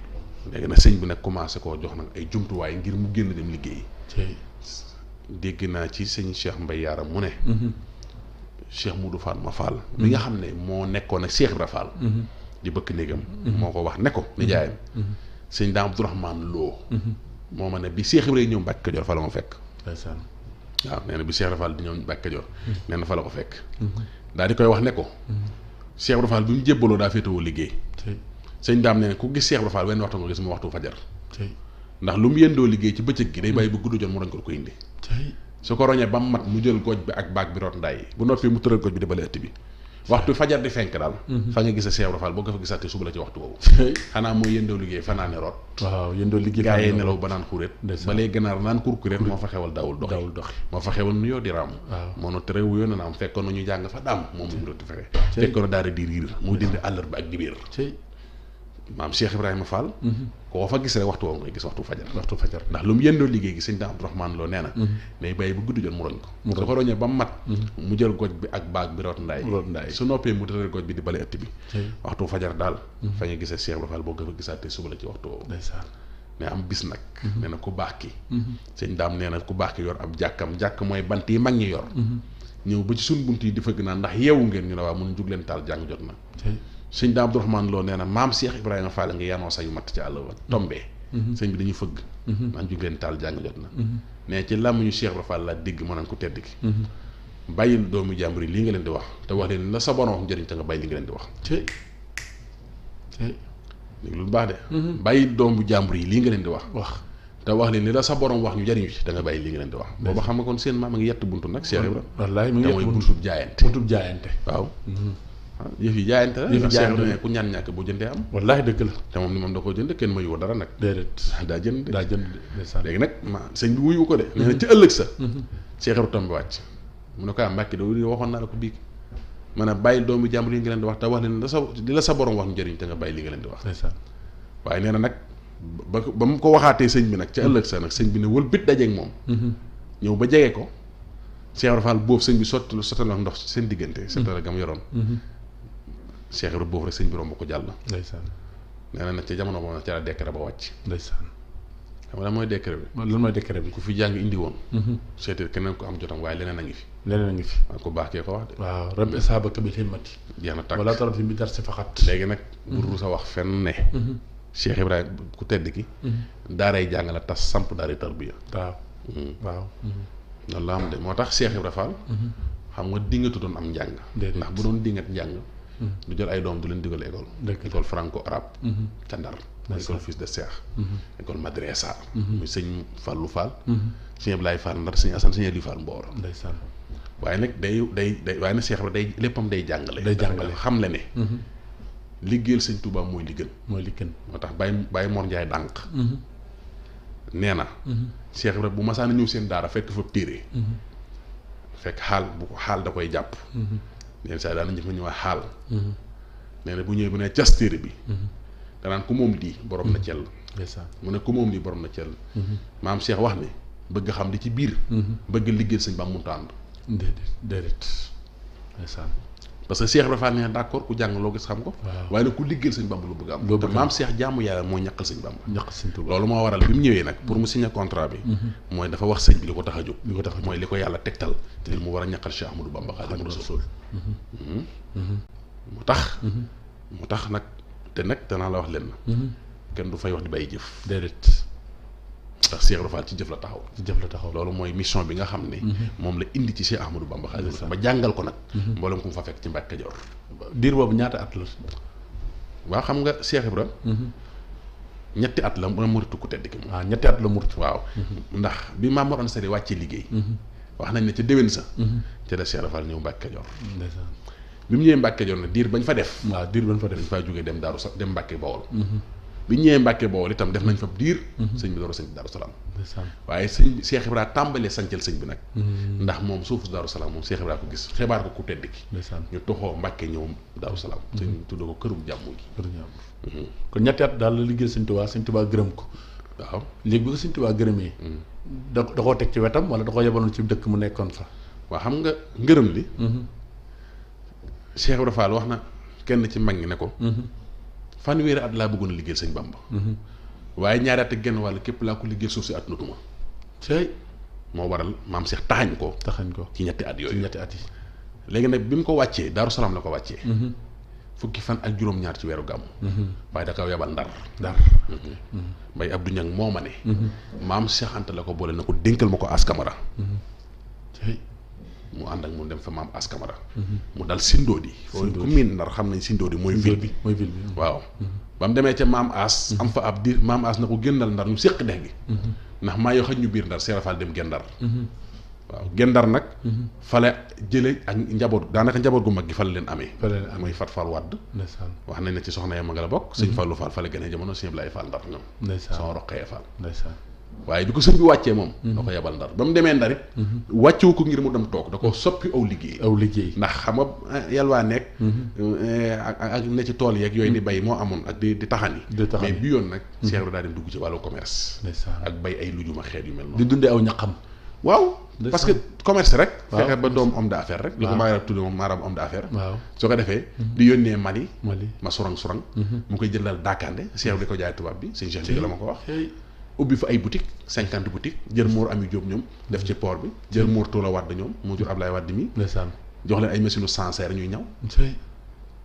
léegi nag sëñ bi nag commencé koo jox nag ay jumtuwaay ngir mu génn dem liggéey. dégg naa ci sëñ Cheikh Mbaye Yaram mu ne. Mhm. Cheikh Moudou Fall ma mhm. Fall. mi nga xam ne moo nekkoon ak Cheikh Ibra Fall. di bëkk néegam. moo ko wax ne ko nijaayam. sëñ Daam Abdourahmane Lo. moo ma ne bi Cheikh Ibrahima ñëw Mbàkke Kajoor fala la ma fekk. waaw nee na bi Cheikh Rafal di ñëw Mbàkke Kajoor. Mm-hmm. nee na fa la fekk. Mm-hmm. daal di koy wax ne ko. Mm-hmm. Cheikh Rafal bi mu jébbaloo daa féetewoo liggéey. sëñ daam nee na ku gis Cheikh Rafal wenn waxtu nga gis mu waxtu fajar. ndax lu mu yëndoo liggéey ci bëccëg gi day bàyyi bu gudd jot mu roñ ko ko indi. su ko roñee ba mu mat mu jël goj bi ak baag bi root ndaay bu noppee mu tëral goj bi di bale ëtt bi waxtu fajar di fenk daal mhm. fa nga gis a Cheikh Ibra Fall boo ko fa gisaatee suba la ci waxtu boobu xanaa mooy yëndoo liggéey fanaane root waaw yëndoo liggéey gaa yee nelaw ba naan xuréet ba lay ganaar naan kurkuréet moo fa xewal daawul dox daawul dox moo fa xewal nuyoo di raam moo no tere wuyoo na naam fekkoon na ñu jàng fa daam moom muñ roti fere fekkoon na daara di riir muy dindi àllarba ak dibéer maam cheikh ibrahima fall mhm. ko fa gis rek waxtu gis waxtu fajar waxtu fajar ndax lum yendo liggey gi seigne daa rahman lo neena mhm. ne day bu guddu jot mu roñ ko su ko roñee ba mat mhm. mu jël goj bi ak baag bi rot nday su noppé mu goj bi di balé atti bi waxtu fajar dal, fa nga gisé cheikh ibrahima fall bo ko gisaté suba la ci waxtu woowu mais am bis nak nee na ku baax ki sëñ ku baax yor ab jakam jak moy ti yi mag yor ñëw ba ci sun bunti di feug na ndax yew ngeen ñu wa mu mun jog leen tal jang jot na suñ daam Abdourahmane Lo nee maam Cheikh Ibrahima Fall nga yanoo sayu matt ci àll ba mhm. tombee mhm. sëñ bi dañuy fëgg naan jug leen taal jàng jot na ne mhm. ci làmmiñu ñu Ibrahima Fall la dégg ma naan ku tedd ki bàyyil doomu jàmbur yi lii nga leen di wax te wax leen la sa borom wax njëriñ nga bàyyi li nga di wax lu baax de bàyyi doomu jàmbur yi lii nga leen di wax wax te wax leen ni la sa borom wax ñu jariñu ci da nga bàyyi li nga leen di wax booba xam nga kon seen maam a ngi yett buntu nag Cheikh Ibrahima wallaay mu buntub jaayante buntub jaayante waaw yëf yi jaayante la yëf yi jaayante la ku ñaan ñàkk boo jëndee am wallaahi dëgg la te moom ni moom da koo jënd kenn mayu ko dara nag déedéet ah, daa jënd daa jënd léegi nag ma sëñ bi wuyu ko de nee na ci ëllëg sa mhm. Cheikh Ibra Tombe wàcc mu ne ko am ah, Mbàkke doo waxoon naa la ko bii man a bàyyi doomu jàmbur yi nga leen di wax te wax leen la sa di la sa borom wax njëriñ te nga bàyyi li nga leen di wax waaye nee na nag ba ba mu ko waxaatee sëñ bi nag ca ëllëg sa nag sëñ bi ne wël bit dajeeg moom mhm. ñëw ba jege ko Cheikh Ibra Fall boobu sëñ bi sotti sottal ndox seen diggante seetala mhm. gam yoroon Cheikh Ibrahima boobu rek sëñ bi ko jàll. ndeysaan nee na ca jamono boobu nag ca la décret ba wàcc. ndeysaan xam nga lan mooy décret bi. lan mooy décret bi. ku fi jàng indi woon. Mhm. seetal keneen ko am jotam waaye leneen a ngi fi. a ngi fi. waaw ku baax kee ko wax de. waaw rabbi saabaka bil himmati. jeex na tàkk wala taraf bi dar sa wax fenn ne. Mhm. Cheikh Ibrahima ku tedd mhm. la tas samp moo tax Cheikh Ibrahima Fall. xam nga dingatu doon am njàng. ndax bu doon dingat njàng. du jël ay doom du leen dugal école école franco arabe mhm. ca Ndar école fils de Cheikh mhm. école madrasa mhm. muy sëñ Fallou Fall sëñ lay Fall Ndar sëñ Assane sëñ Aliou Fall Mboor ndeysaan nag day day day waaye nag day léppam day jàngale day jàngale xam le ne liggéeyal sëñ Touba mooy li gën mooy li gën moo tax Baye Baye Mor dànq nee na Cheikh Ibra bu masaana ñëw seen daara fekk fa téere fekk xaal bu xaal da koy jàpp yenn saa yi daan nañu fa ñëwaat xaal. nee na bu ñëwee bu ne cas téere bi. danaan ku moom di borom na cell. mu ne ku moom di borom na cell. Mm-hmm. maam Cheikh wax ne bëgg xam li ci biir. Mm-hmm. bëgg liggéey sëñ ba mu tànd. déedéet parce que Cheikh Ibra Fall ne d'accord ku jàng loo gis xam ko waaye nag ku liggéeyal sëñ Bamba lu bëgg am te maam Cheikh jaamu yàlla moo ñaqal sëñ Bamba loolu moo waral bi mu ñëwee nag pour mu signé contrat bi mm-hmm. mooy dafa wax sëñ bi li ko tax a jóg li ko tax mooy li ko yàlla tegtal te li mu war a ñaqal Cheikh Ahmadou Bamba Xaadimu Rasuul mu tax mu mm-hmm. tax nag te nag la wax lenn mm-hmm. kenn du fay wax di bàyyi jëf déedéet ndax Cheikh Ibra Fall ci jëf la taxaw ci jëf la taxaw loolu mooy mission bi nga xam ne mhm. moom la indi ci Cheikh Ahmadou Bamba Xaadimu ba jàngal ko nag mhm. mboolem ku mu fa fekk ci Mbàkke Kajoor diir boobu ñaata at la waa xam nga Cheikh Ibra mhm. ñetti at la muritu ku tedd ki moom waaw ah, ñetti at la muritu waaw ndax bi Maam Mor Anta Sali wàccee liggéey wax nañ ne ca déwén sa ca la Cheikh Ibra Fall ñëw Mbàkke Kajoor bi mu ñëwee Mbàkke Kajoor nag diir bañ fa def waaw diir bañ fa def dañ faa jógee dem daaru sa dem Mbàkke Bawol bi ñëwee Mbàkke Bawol itam def nañ fa diir mhm. sëñ bi door a sanc Daaru Salaam waaye sëñ Cheikh Ibra tàmbalee sancal sëñ bi nag mhm. ndax moom su Daaru Salaam moom Cheikh Ibra ko gis xibaar ko ku tedd ki ñu toxoo Mbàkke ñëw Daaru Salaam mhm. sëñ bi tudd ko kërum jàmm ko kon ñetti at daal la liggéey sëñ Tuubaa sëñ Tuubaa gërëm ko waaw léegi bi ko sëñ Tuubaa gërëmee da da koo teg ci wetam wala da koo yebaloon ci dëkk mu nekkoon fa waa xam nga ngërëm li Cheikh Ibra Fall wax na kenn ci mag ñi ne ko fanweeri at laa bëggoon a liggéeyal sëñ Bamba. Mm-hmm. waaye ñaari at ak genn wàll képp laa ko liggéeyal suuf si at nutuma tey moo waral maam Cheikh taxañ ko. taxañ ko ci ñetti at yooyu ci ñetti at yi. léegi nag bi mu ko wàccee Daaru Salaam la ko wàccee. Mm-hmm. fukki fan ak juróom-ñaar ci weeru gàmm. Mm-hmm. waaye da kaw yabal ndar. ndar mbay du Niang moo ma ne. maam Cheikh la ko boole na ko dénkal ma ko as tey mu ànd ak mu dem fa maam as Camara mhm. mu dal Sindoodi foofu ku miin ndar xam nañ Sindoodi mooy ville bi mooy ville bi waaw mhm. ba mu demee ca maam as mhm. am fa ab diir maam as na ku génnal ndar ñu séq dex gi ndax maa yoo xaj ñu biir ndar seerafaal dem gendar waaw gendar nag fale jële ak njaboot daanaka njaboot gu mag gi fale leen amee mooy fat faal wadd wax nañ ne ci soxna ya ma nga la bokk sëñ Fallou Fall fale gën a jamono sëñ Ablaye Fall ndar ñoom sama roqee Fall waaye di ko sëñ bi wàccee moom mhm. da ko yebal ndar ba mu demee ndarit mhm. wàccewu ko ngir mu dem toog da ko soppi aw liggéey aw liggéey ndax xam nga eh, yalwaa nekk mhm. eh, ak ak ne ci tool yeeg yooyu ni bay moo amoon ak di di taxani mais yoon nag Cheikh bi daa dugg ci wàllu commerce ak bay ay lujuma xeet yu mel di dundee aw ñaqam waaw parce que commerce rek fexe ba doom homme d'affaires rek li ko maarab tudd moom ko defee di yónnee Mali Mali ma surang surang mu koy jëlal daakaande Cheikh di ko jaay tubaab bi sëñ Cheikh la ma ko wax ubbi fa ay boutique cinquante boutique jël Mor Ami Diop ñoom def ci port bi jël Mor Tola Wade ñoom moo jur Ablaye Wade mi ndeysaan jox leen ay machine sancerre ñuy ñaw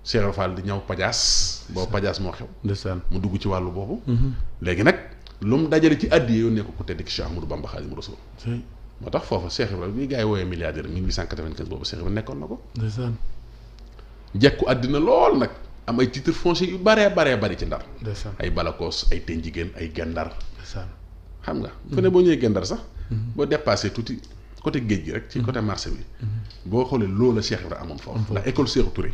Cheikh fa di ñaw pajaas boobu pajaas moo xew ndeysaan mu dugg ci wàllu boobu mhm. léegi nag lu mu dajale ci àddi yónnee ko ku tedd ki Cheikh Ahmadou Bamba Khadimou Rassoul moo tax foofa Cheikh Ibrahima bi gars yi woowee milliardaire 1895 boobu Cheikh Ibrahima nekkoon na ko jekku àddina lool nag am ay titre foncier yu baree baree bari ci ndar ay balakoos ay ten jigéen ay gendar xam nga mm-hmm. fu ne boo ñëwee gendar sax mm-hmm. boo dépassé tuuti côté géej gi rek ci côté mm-hmm. marché bi boo xoolee loola Cheikh Ibrahima amoon foofu ndax école Cheikh Touré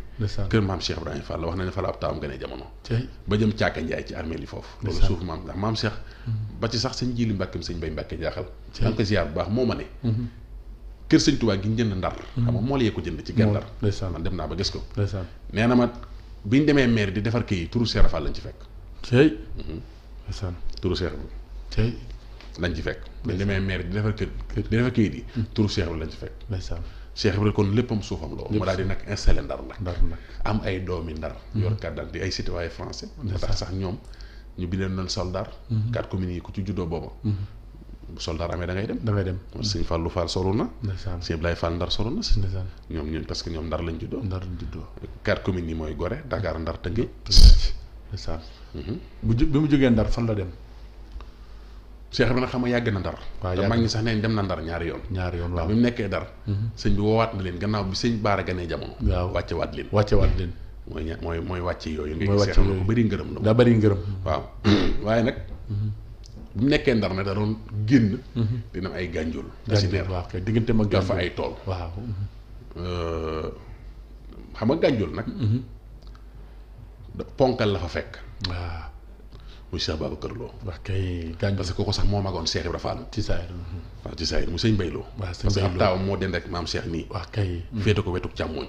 kër maam Cheikh Ibrahima Fall wax nañ ne fa la a ba jëm caaka Njaay ci li foofu loolu suuf ba ci sax sëñ Jili Mbàkke sëñ Bay Mbàkke jaaxal da nga ko ziar bu baax moo ma ne kër sëñ Tuubaa gi ñu jënd ndar xam nga moo la yee ko jënd ci gendar dem naa ba gis ko nee bi ñu demee maire di defar kii turu Cheikh Rafal lañ ci fekk. tey. Mhm. ndeysaan turu ci fekk. bi ñu demee maire di defar kër di defar kii di. Mm. turu Cheikh bi lañ ci fekk. ndeysaan Cheikh Ibrahima kon léppam suufam la woon. ma daal di nag installé ndar nag. ndar nag am ay doomi ndar. Mm-hmm. yor kàddan di ay citoyen français. ba tax sax ñoom ñu bindee noonu soldar. Mm-hmm. quatre communes yi ku ci juddoo booba. Mm-hmm. bu soldaar amee da ngay dem da ngay dem sëñ Fallou Fall soro na sëñ Ablaye Fall Ndar soro na si ñoom ñun parce que ñoom Ndar lañ juddoo Ndar lañ juddoo quatre communes yi mooy Gorée Dakar Ndar Tëngéej ndeysaan mhm. bu bi mu jógee Ndar fan la dem Cheikh bi nag xam nga yàgg na Ndar te mag ñi sax neen dem na Ndar ñaari yoon ñaari yoon waaw bi mu nekkee Ndar mhm. sëñ bi woowaat na leen gannaaw bi sëñ Baara ganee jamono waaw wàcce waat leen wàcce waat leen mooy mooy mooy wàcce yooyu nga gis Cheikh na ko bëri ngërëm la daa bëri ngërëm waaw waaye nag mhm. bu nekkee ndar nag da doon génn. Mhm. dina am ay gànjul. gànjul waaw kay diggante ma gànjul fa ay tool. waaw. Mhm. Euh, xam nga gànjul nag. Mhm. ponkal la fa fekk. waaw. muy Cheikh Babacar Lo. waaw kay gànjul parce que kooku sax moo magoon Cheikh Ibra Fall. ci Mau waaw ci saayir mu sëñ Bay Lo. waaw parce que ab taawam dend ak maam Cheikh nii. waaw kay. féete ko wetuk càmmooñ.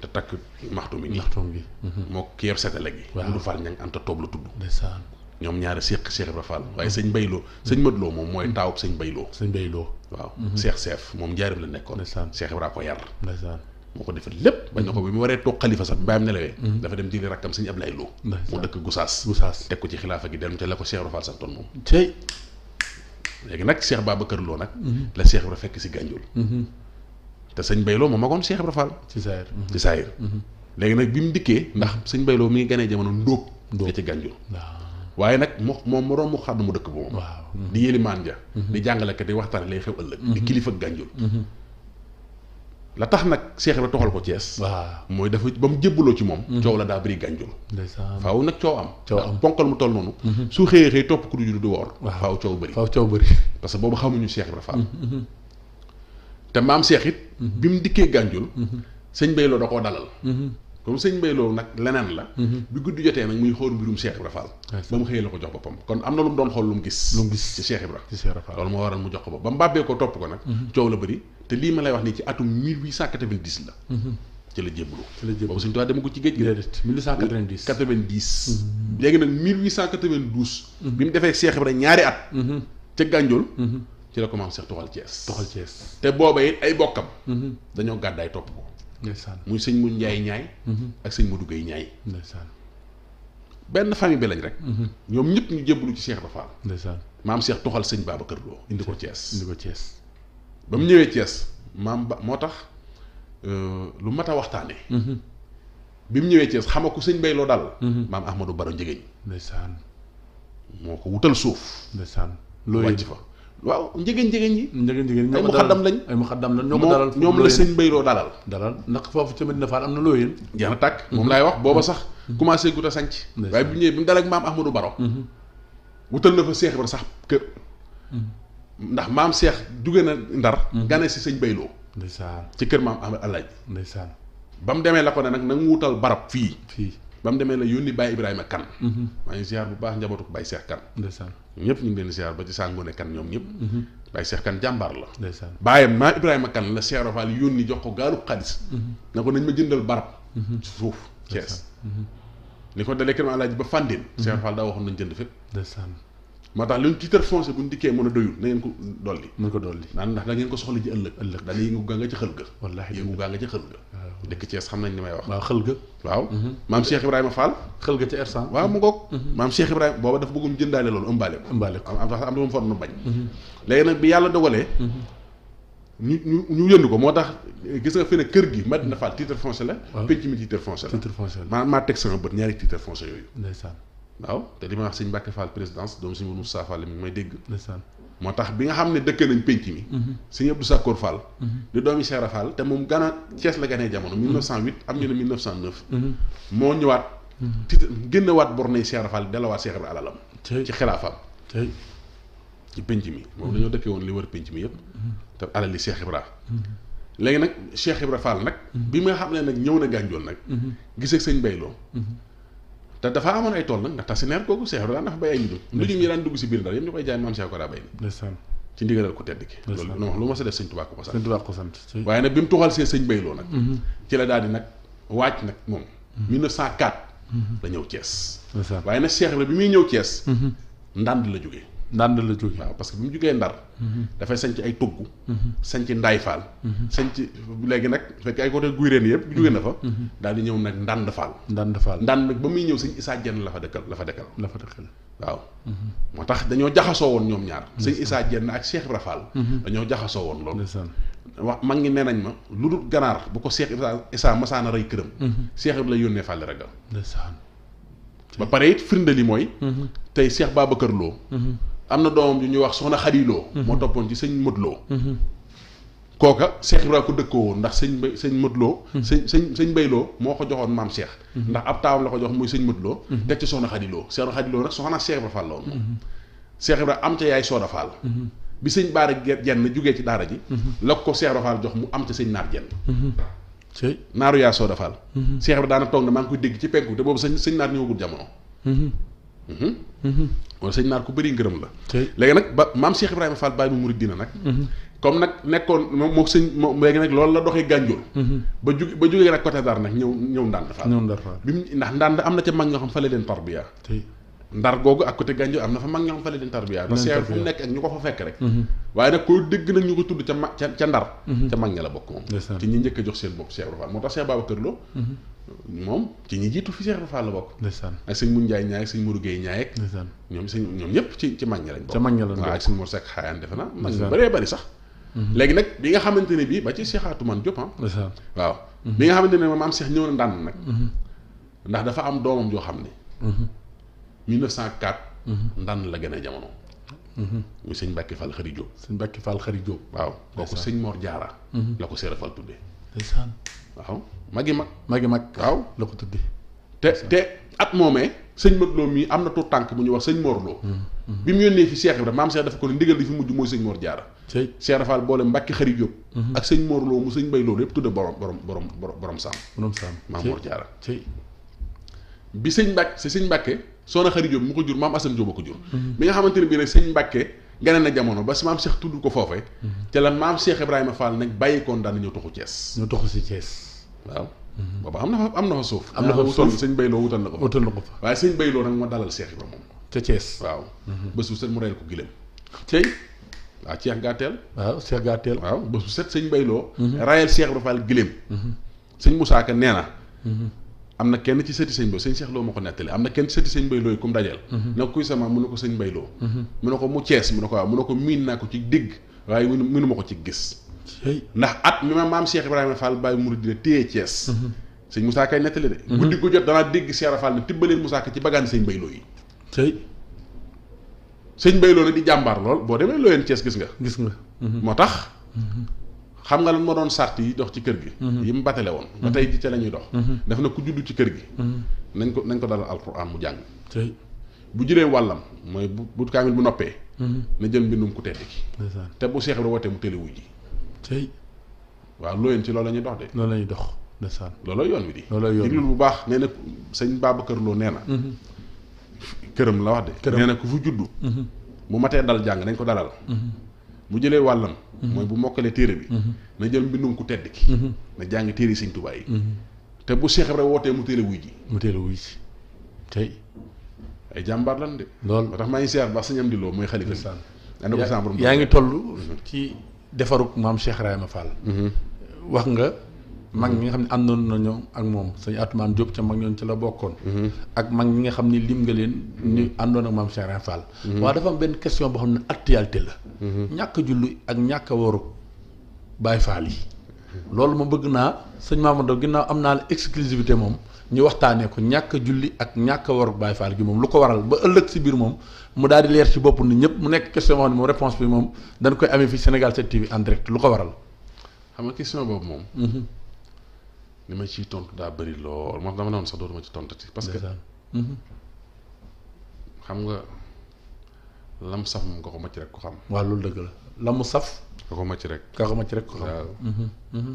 te takk maxtu mi nii. maxtu mi. moo setale gi. waaw Fall ña Anta Toob la tudd. ñoom ñaar seq Cheikh Ibra Fall waaye sëñ Bayloo sëñ Madloo moom mooy taawub sëñ Bayloo. sëñ Bayloo waaw. Mhm. Cheikh Seef moom njaarim la nekkoon. ndeysaan Cheikh Ibra ko yar. ndeysaan moo ko defal lépp. bañ ko bi mu waree toog xalifa sax bi mbaayam nelawee. Mhm. dafa dem jëli rakkam sëñ Ablaye Lo. mu dëkk Gusaas. gi dellu ca la ko Cheikh Ibra Fall sax toon mhm. la Cheikh Ibra fekk si Gànjool. te sëñ Bayloo ma magoon Cheikh Ibra Fall. ci saayir ci saayir. nag bi mu dikkee ndax sëñ Bayloo mi ngi ganee jamono ndóob. ndóob ci Gànjool waaw waaye nag mu moom moroom mu xàddu mu dëkk boobu. waaw mhm. di yélimaan ja mhm. di jàngalekat waxtaan lay xew ëllëg. di mhm. kilifa gànjul la tax nag seex ba toxal ko Cees. waaw mooy dafa ba mu jébbaloo ci moom. coow la daa bëri gànjul. faaw nag coow am. coow am ponkal mu toll noonu. su xëyee xëy topp ku du du woor. faaw coow bëri. faaw parce que boobu xamuñu seex dafa am. te maam seex it. bi mu dikkee gànjul. sëñ Bello da koo dalal. comme sëñ Mbay loolu nag leneen la mhm. bi guddi jotee nag muy xool mbirum Cheikh Ibra Fall ba mu xëyee la ko jox boppam kon am na lu mu doon xool lu mu gis lu mu gis ci Cheikh Ibra loolu moo waral mu jox ko bopp ba mu bàbbee ko topp ko nag mhm. coow la bëri te lii ma lay wax nii ci atum 1890 la mhm. ci la jébbalu ci la jébbalu boobu nag bi mu defee Cheikh ñaari at ca Gànjool ci la commencé toxal Thiès toxal Thiès te booba it ay bokkam dañoo gàddaay topp ko ndeysaan muy sëñ mu Njaay ñaay ak sëñ Modou Gueye ñaay ndeysaan benn famille bi lañ rek mhm. ñoom ñëpp ñu jébbalu ci Cheikh Ibra Fall ndeysaan maam Cheikh toxal sëñ Babacar Lo indi ko Thiès ba mu ñëwee Thiès maam ba moo tax euh, lu mat a waxtaane mhm. bi mu ñëwee Thiès xama ku sëñ Bay Lo dal mhm. maam Ahmadou Baro Njëgeñ moo ko wutal suuf ndeysaan loo fa waaw njëgën njëgën yi. njëgën njëgën ñoo ko dalal ay muxaddam lañ. ñoo ko dalal ñoom la sëñ Mbayloo dalal. dalal ndax foofu tamit na faal am na looyeen. jeex tàkk moom mhm. laay wax booba mhm. sax. commencé gut a sanc. waaye bu ñëwee bi mu dalal ak maam Ahmadou Baro. Mhm. wutal na fa Seex Ibra sax kër. ndax maam Seex jóge na Ndar. gane si sëñ Mbayloo. ndeysaan ci kër maam Ahmad Alaaji. ndeysaan ba mu demee la ko ne nag na nga wutal barab fii. fii ba mu demee la yónni Baye Ibrahima kan mhm. maa ngi ziar bu baax njabootu Baye Cheikh Kane. ndeysaan ñëpp ñu ngi leen di ziar ba ci Sangoné Kane ñoom ñëpp. Mhm. Baye Cheikh Kane jàmbaar la. ndeysaan baayam maa Ibrahima Kane la Cheikh Rafal yónni jox ko gaalu xaalis. Mhm. na ko nañ ma jëndal barab. suuf Thiès. ni ko dalee kër Alaaji ba Fandine. Cheikh Rafal daa waxoon nañ jënd fépp. ndeysaan moo tax leen titre foncier bu ñu dikkee mën a doyul na ko dolli na ko dolli naan da ngeen ko soxla ji ëllëg ëllëg daal yëngu gaa nga ca xël ga wallaahi yëngu gaa nga ca xël ga dëkk Thiès xam nañ li may wax waaw xël ga waaw mhm. maam Cheikh Ibrahima Fall xël ga ca Ersan waaw ma ngoog mhm. maam Cheikh Ibrahima booba dafa bëggum jëndaale loolu ëmbaale ko ëmbaale ko am am dama na bañ mhm. léegi nag bi yàlla dogalee ñu ñu ñu yënd ko moo tax gis nga fi kër gi ma Fall titre foncier la pénc mi titre foncier la maa maa teg sama bët ñaari titre waaw te li ma wax sëñ Mbacke Fall présidence doomu sëñ Moussa Fall mi may dégg. moo tax bi nga xam ne dëkkee nañ penc mi. Mhm. sëñ Abdou Sakkour Fall. Mhm. di doomi Cheikh Fall te moom gana Thiès la ganee jamono. 1908 mhm. am ñu ne 1909. moo ñëwaat. ti génnewaat bornay Cheikh Fall delawaat Cheikh bi alalam. ci xilaafam. ci penc mi moom dañoo dëkkee woon li wër penc mi yëpp. te alali Cheikh Ibra. léegi nag Cheikh Ibra Fall nag. bi nga xam ne nag ñëw na gànjool nag. gisee sëñ Bayloo. te dafa amoon ay tool nag ndax tasineer kooku seex daan dafa bay ay njudum ndujum yi daan dugg si biir daal yëpp ñu koy jaay maam Seex Kora bay na ci ndigalal ku tedd ki loolu non ma sa sëñ Tuubaa ko sant waaye nag bi mu tuxal see sëñ bayloo nag mhm. ci la daal di nag waaj nag moom 1904 mhm. mhm. la ñëw Thiès waaye nag seex bi muy ñëw Thiès ndànd la jógee ndar la jógee waaw parce que bu mu jógee ndar. Mhm. dafay sañc ay togg. Mhm. sañc ndaay faal. Mhm. sañc léegi nag fekk ay côté guy reen yëpp jógee na fa. daal di ñëw nag ndànd faal. ndànd faal ndànd ba muy ñëw sëñ Issa Diène la fa dëkkal la fa dëkkal. la fa dëkkal waaw. moo tax dañoo jaxasoo woon ñoom ñaar. sëñ Issa Diène ak Cheikh Ibra Fall. dañoo jaxasoo woon loolu. wax mag ngi nee nañ ma lu dul ganaar bu ko Cheikh Issa masaana rey këram. Cheikh Ibra la yónnee Fall ragal. ba pare it firnde li mooy. tey Cheikh Babacar Lo am na doomam yu ñuy wax soxna xadiloo mhm. moo toppoon ci sëñ Modloo mhm. kooka Cheikh Ibrahima ko dëkkoo woon ndax sëñ bay sëñ Modloo mhm. sëñ sëñ sëñ Bayloo moo ko joxoon maam Cheikh ndax ab taawam la ko jox muy sëñ Modloo teg ci soxna xadiloo soxna xadiloo nag soxna Cheikh Ibra Fall la woon moom Cheikh Ibra am ca yaay Sooda Fall bi sëñ Baara jenn jugee ci daara ji la ko Cheikh Ibra jox mu am ca sëñ naar jenn naaru yaa Sooda Fall Cheikh daana toog na maa ngi koy dégg ci penku te boobu sëñ sëñ naar ñëwagul jamono wala sëñ naar ku bëri ngërëm la léegi nag ba maam Cheikh Ibrahima Fall bàyyi mu murid dina nag mhm. comme nag nekkoon moom moo sëñ moom léegi nag loolu la doxee gànjool mhm. ba jug ba jógee nag na ca mag ñoo xam mhm. ko tudd ca ma ca ndar ca mag ña la bokk moom ci ñi njëkk a jox seen bopp Cheikh Ibrahima Fall moom ci ñi jiitu fi Cheikh Ibra Fall la bokk. ndeysaan ak sëñ Mun Njaay ñaay ak sëñ Mourou Guèye ñaay ak. ndeysaan ñoom sëñ ñoom mag ñi lañ bokk. ca mag ñi lañ bokk waaw ak sëñ Mor Seck xaayaan defe naa. ndeysaan mhm. bi nga xamante ne bii ba ci Cheikh Atoumane Diop ah. Mhm. ne moom am Cheikh ñëw na mhm. ndax dafa am doomam joo xam ne. 1904. la a jamono. muy sëñ Mbacke Fall Khary Diop. sëñ Mbacke Fall Khary Diop. waaw kooku sëñ Mor Diarra. la ko Cheikh Fall tuddee. ndeysaan waaw magi mag magi mag waaw la ko tuddee te te at moomee sëñ Modou Lo am na tànk bu ñuy wax sëñ Mor Lo mm, mm. bi mu yónnee fi Cheikh Ibrahima maam Cheikh dafa ko ne ndigal li fi mujj sëñ Mor Jaara Cheikh Rafal boole Mbàkke Xari Jóob ak sëñ Mor Lo mu sëñ Bay Lo yëpp tudde borom borom borom borom saam borom saam maam Mor Jaara bi sëñ Mbàkke si sëñ Mbàkke soxna Xari Jóob mu ko jur maam Asan Jóob a ko jur bi mm-hmm. nga xamante ne bii nag sëñ Mbàkke gane na jamono ba si maam Cheikh tudd ko foofe te mm-hmm. la maam Cheikh Ibrahima Fall nag bàyyikoon daan ñëw toxu Cees ñëw toxu si Cees waaw. Mhm. booba am na fa am na fa suuf. am na fa suuf sëñ Bayloo wutal na ko fa waaye sëñ Bayloo nag moo dalal Cheikh Ibra moom. ca Thiès waaw. Mhm. bés bu set mu reyal ko gileem. tey waaw Cheikh Gatel. waaw Cheikh Gatel. waaw bés bu set sëñ Bayloo. Mhm. reyal Cheikh Ibra Fall gileem. sëñ Moussa nee na. am na kenn ci sëti sëñ Bayloo sëñ Cheikh Lo ma ko nettali am na kenn ci sëti sëñ Bayloo yi ku mu dajal. na kuy sama mu ne ko sëñ Bayloo. mu ne ko mu Thiès mu ne ko waaw mu ne ko miin naa ko ci dégg ndax at mi ma maam Cheikh Ibrahima Fall bay Mouride ne téye Thiès. Mhm. sëñ Moussa Kay nettali de. Mhm. guddi gu jot dana dégg Cheikh Fall ne tibbaleen Moussa Ka ci bagan sëñ Baylo yi. tey sëñ Baylo ne di jambar lool boo demee loyen Thiès gis nga. gis nga mhm. moo tax. xam nga lan mo doon sarti dox ci kër gi yim batale woon ba tey ji ca la dox daf na ku judd ci kër gi nañ ko nañ ko dalal alquran mu jàng bu jëlee wàllam mooy bu kaamil bu noppee na jël mbindum ku teddi ki te bu cheikh bi wootee mu tëliwu ji tey waaw looyeen ci loolu lañuy dox de. loolu la ñuy dox ndeysaan. looloo yoon wi di. looloo yoon wi bu baax nee na sëñ Babacar Lo nee na. Mhm. këram la wax de. këram nee na ku fu juddu. Mhm. bu matee dal jàng dañ ko dalal. bu mhm. jëlee wàllam. mooy bu mokkalee téere bi. na jël mbindum ku tedd ki. na jàng téere sëñ Tuubaa yi. te bu Cheikh Ibra wootee mu teel a wuy ji. mu teel a wuy ji tey. ay jàmbaar lan de. loolu moo tax maa ngi ba sëñ Amdi Lo mooy xalifa. ndeysaan yaa ngi toll ci. defarug maam Cheikh ma Fall. Mhm. wax nga mhm. mhm. mag ñi nga xam ne àndoon nañoo ak moom sëñ Atumaan Diop ca mag ñoon ci la bokkoon. ak mag ñi nga xam ni lim nga leen. ñu àndoon ak maam Cheikh Ibrahima Fall. dafa benn question boo xam ne actualité la. ñàkk jullu ak ñàkk a waru Baay Faal yi. loolu ma bëgg naa sëñ Mamadou ginnaaw am naa la exclusivité moom ñu waxtaanee ko ñàkk julli ak ñàkk a waru Baay Faal gi moom lu ko waral ba ëllëg si biir moom mu daal di leer ci bopp ni ñëpp mu nekk question boo xam ne moom réponse bi moom dañ koy amee fi Sénégal 7 TV en direct lu ko waral. xam nga question boobu moom. Mhm. li ma ci tontu daa bëri lool moom dama ne woon sax dootuma ci tontati. parce que mhm. xam nga lam saf moom ko ko màcc rek ko xam. waaw loolu dëgg la lamu saf. kaxu ma ci rek kaxu ma ci rek ko xam mhm, mhm.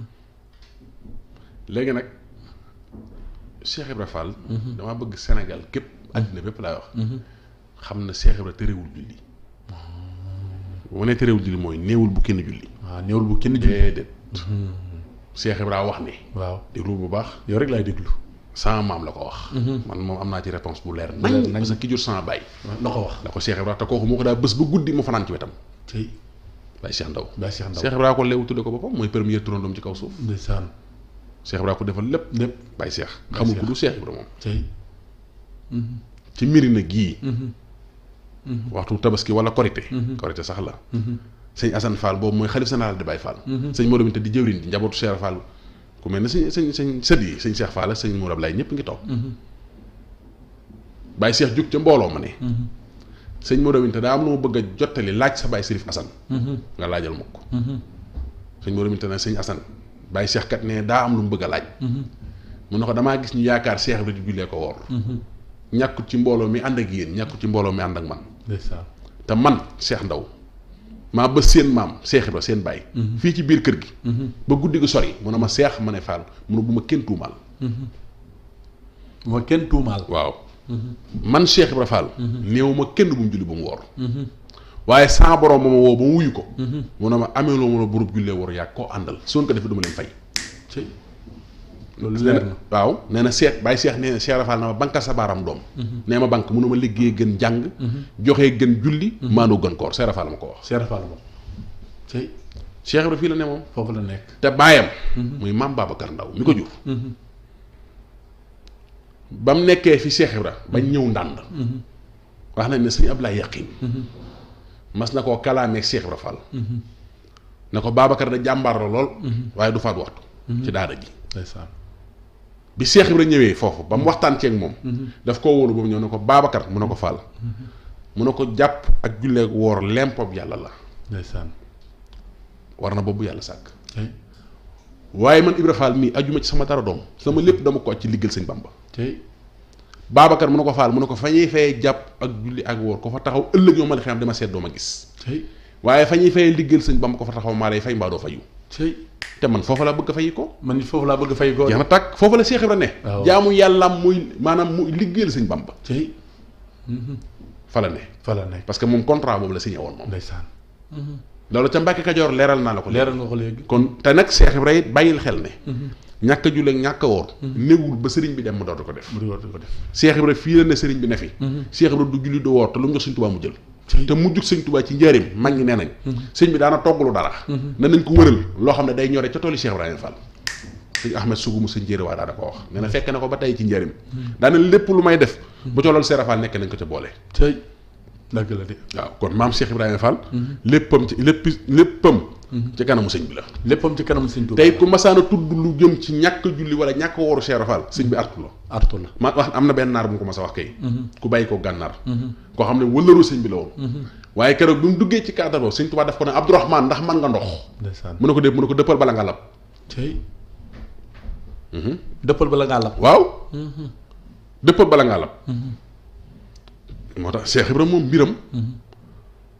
léegi nag Cheikh Ibra Fall mhm. damaa bëgg Sénégal képp àddina bépp laay wax xam na Cheikh Ibra terewul julli bu ah. ma julli mooy néewul bu kenn julli waaw ah, néewul bu kenn julli déedéet Cheikh wax ne waaw déglu bu baax yow rek laay déglu sama maam la ko wax man moom am naa ci réponse bu leer nañ parce que ki jur sama baay la ko wax la ko Cheikh Ibra te kooku moo ko daa bés ba guddi mu fanaan ci wetam Baye Cheikh Ndaw Baye Cheikh Ndaw Cheikh Ibra ko leewu ko boppam mooy premier turandoom ci kaw suuf ndeysaan Cheikh Ibra ko defal lépp lépp Baye Cheikh xamul ko du Cheikh Ibra moom ci Mirina gii mhm. Mhm. waxtu tabaski wala korité mhm. korité sax la sëñ asan Fall boobu mooy xalif général de Baye Fall sëñ Modou Minta di jëwriñ di njabootu Cheikh Fall ku mel ne sëñ sëñ sëñ sët yi sëñ Cheikh Fall ak sëñ laay Lay ñëpp ngi toog Baye Cheikh jug ca mbooloo ma ne sëñ Modou Aminta daa am lu ma bëgg a jottali laaj sa baay Serif Assane. Mhm. nga laajal ma ko. Mhm. sëñ Modou Aminta nag sëñ Assane baay Cheikh kat ne daa am lu mu bëgg a laaj. Mhm. mun na ko damaa gis ñu yaakaar Cheikh bi jullee ko woor. ñàkkut ci mbooloo mi ànd ak yéen ñàkkut ci mbooloo mi ànd ak man. te man Cheikh Ndaw maa ba seen maam Cheikh ba seen baay. fii ci biir kër gi. ba guddi gi sori mu ne ma Cheikh ma ne Fall mu ne bu ma kenn tuumaal. bu ma kenn tuumaal man cheikh ibrahim fall mhm. mhm. newuma kenn bu julli bu mu woor mhm. waaye borom mo wo bu ba wuyu ko mu ne ma amee loo mën a burub jullee woor yàgg ko def duma len fay na waaw neena na seet cheikh neena nee na Cheikh Rafal na ma banka sa baram dom neema ma munuma mënuma gën jang joxee gën julli manu gën kor Cheikh Rafal ma ko wax Cheikh Rafal ma tey Cheikh Ibra la ne moom fofu la nek te bayam muy mam babakar Ndaw mi ko jur ba mu nekkee fi Cheikh ra ba ñëw ndànd wax nañ ne sëñ Ablaye Yaqin mas na koo kalaameeg Cheikh Ibra Fall ne ko Babacar da jàmbaar la lool waaye du faat waxtu ci daara ji bi Cheikh Ibra ñëwee foofu ba mu waxtaan ceeg moom daf koo wóolu ba mu ñëw ne ko Babacar mu ne ko Fall mu ne ko jàpp ak julleeg woor lempob yàlla la ndeysaan war na boobu yàlla sàkk eh. waaye man Ibra Fall mii aju ma ci sama dara doom sama lépp dama ko ci liggéeyal sëñ Bamba tey Babacar mu ne ko Fall mu ne ko fa ñuy fayee jàpp ak julli ak woor ko fa taxaw ëllëg yow ma li xam dama seet doo ma gis tey waaye fa ñuy fayee liggéeyal sëñ Bamba ko fa taxaw maa lay fay mbaa doo fayu te man foofa laa bëgg a fay ko man foofu laa bëgg a fay ko jeex na tàkk foofa la Cheikh Ibra ne jaamu yàllaam muy maanaam muy liggéeyal sëñ Bamba tey fa la ne fa la ne parce que moom contrat boobu la signé woon moom ndeysaan mhm. loolu ca Mbàkke Kajoor leeral naa la ko. leeral nga ko léegi kon te nag Cheikh Ibrahima bàyyil xel ne. Mhm. ñàkk a ñàkk a woor. Mhm. néewul ba sëriñ bi dem mu dootu ko def. mu dootu ko def Cheikh fii la ne sëriñ bi ne fi. Cheikh mhm. Ibrahima du julli du woor te lu mu jox mu jël. te mujjug sëñ Tuubaa ci njëriñ mag ñi nee nañ. bi daana toggalu dara. na nañ ko wëral loo xam ne day ñore ca tooli Cheikh Ibrahima Fall. sëñ Ahmed Sougou mu sëñ Jéeri waa daana ko wax nee na fekk na ko ba tey ci njëriñ. daana lépp lu may def. bu ca loolu Seera Fall nekk nañ ko ca boole. dëgg la de waaw kon maam Cheikh Ibrahima Fall. léppam ci lépp léppam. ci kanamu sëñ bi la. léppam ci kanamu sëñ Tuubaa tey ku masaana tudd lu jëm ci ñàkk julli wala ñàkk wooru Cheikh Fall sëñ bi artu la. artu la ma wax am na benn naar bu ko mas a wax kay. Mhm. ku bàyyi ko gànnaar. Mhm. koo xam ne wëllëru sëñ bi la woon. Mhm. waaye keroog bi mu duggee ci cadre boobu sëñ Tuubaa daf ko ne Abdourahman ndax man nga ndox. mu ne ko dé mu ne ko dëppal bala nga lab. tey. dëppal bala ngaa lab. waaw. bala lab. moo tax Cheikh Ibrahima moom mbiram.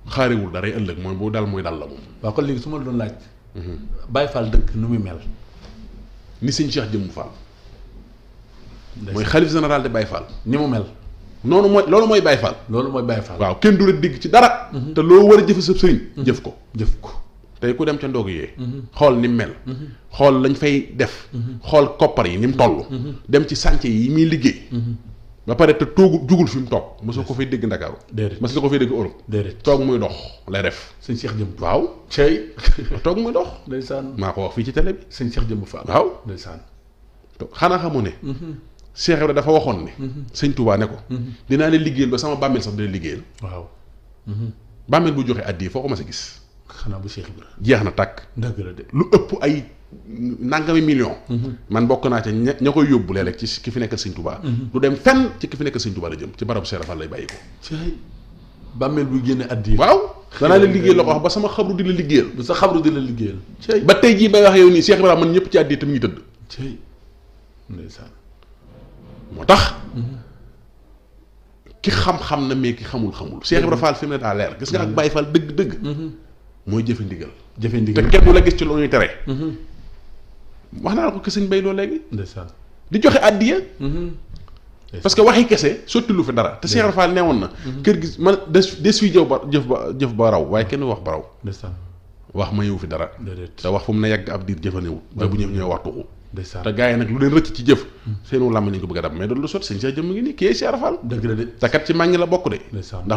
xaariwul daray ëllëg mooy boo dal mooy dal la moom. waaw kon léegi su doon laaj. Baye Fall dëkk nu muy mel. ni sëñ Cheikh Jëmm Fall. mooy xalif général de Baye Fall. ni mu mel. noonu mooy loolu mooy Baye Fall. loolu mooy Baye Fall. waaw kenn du la ci dara. te loo war a sa sëriñ. jëf ko jëf ko. tey ku dem ca ndog yee. xool ni mel. xool lañ fay def. xool koppar yi ni mu dem ci chantier yi muy liggéey. ba pare te toogu jugul fi mu toog mosoo ko fee dégg Ndakaaru déedéet mosoo ko fay dégg Europe toog muy dox lay def sëñ Cheikh Jëmb waaw cey toog muy dox ndeysaan maa ko wax fii ci télé bi sëñ Cheikh Jëmb Fall waaw xanaa xamu ne mm-hmm. Cheikh Ibrahima dafa waxoon ne mm-hmm. sëñ Touba ne ko mm-hmm. dinaa ne liggéeyal ba sama bàmmeel sax dina liggéeyal waaw bàmmeel bu joxe addi foo ko mas a gis xanaa bu Cheikh Ibrahima jeex na tàkk dëgg la de lu ëpp ay mi million mhm. man bokk naa ca ña koy yóbbu léeg-léeg ci ki fi nekk sëñ Tuubaa mhm. du dem fenn ci ki fi nekk sëñ Tuubaa la jëm ci barab Cheikh Fall lay bàyyi ko bàmmeel buy génne addi waaw danaa la liggéey la ko wax ba sama xabru di la liggéeyal ba sa xabru di la liggéeyal ba tey jii may wax yow nii Cheikh Ibrahima man ñëpp ci addi tam ñu tëdd ndeysaan moo tax mhm. ki xam-xam na mais ki xamul-xamul Cheikh Ibrahima Fall fi ne daa leer gis nga ak Baye Fall dëgg-dëgg mooy jëfe ndigal jëfe ndigal te kenn la gis ci lu wax naa la ko sëñ Bay loo léegi. di joxe àddiya. Mm-hmm. parce que waxi kese sotti lu fi dara. te Cheikh Rafaal ne woon na. Mm-hmm. kër gis man des des fi jëf ba jëf ba jëf ba raw waaye kenn wax ba raw. ndeysaan wax ma yëw fi dara. te wax fu mu ne yàgg ab diir jëfanewul. waaye bu ñëw ñëwee waxtu ko. te gars yi nag lu leen rëcc ci jëf mm. seenu làmm nañ ko bëgg a dam mais doon lu sot sëñ Cheikh jëm ngi nii kii Cheikh Rafal dëgg la de te ci màngi la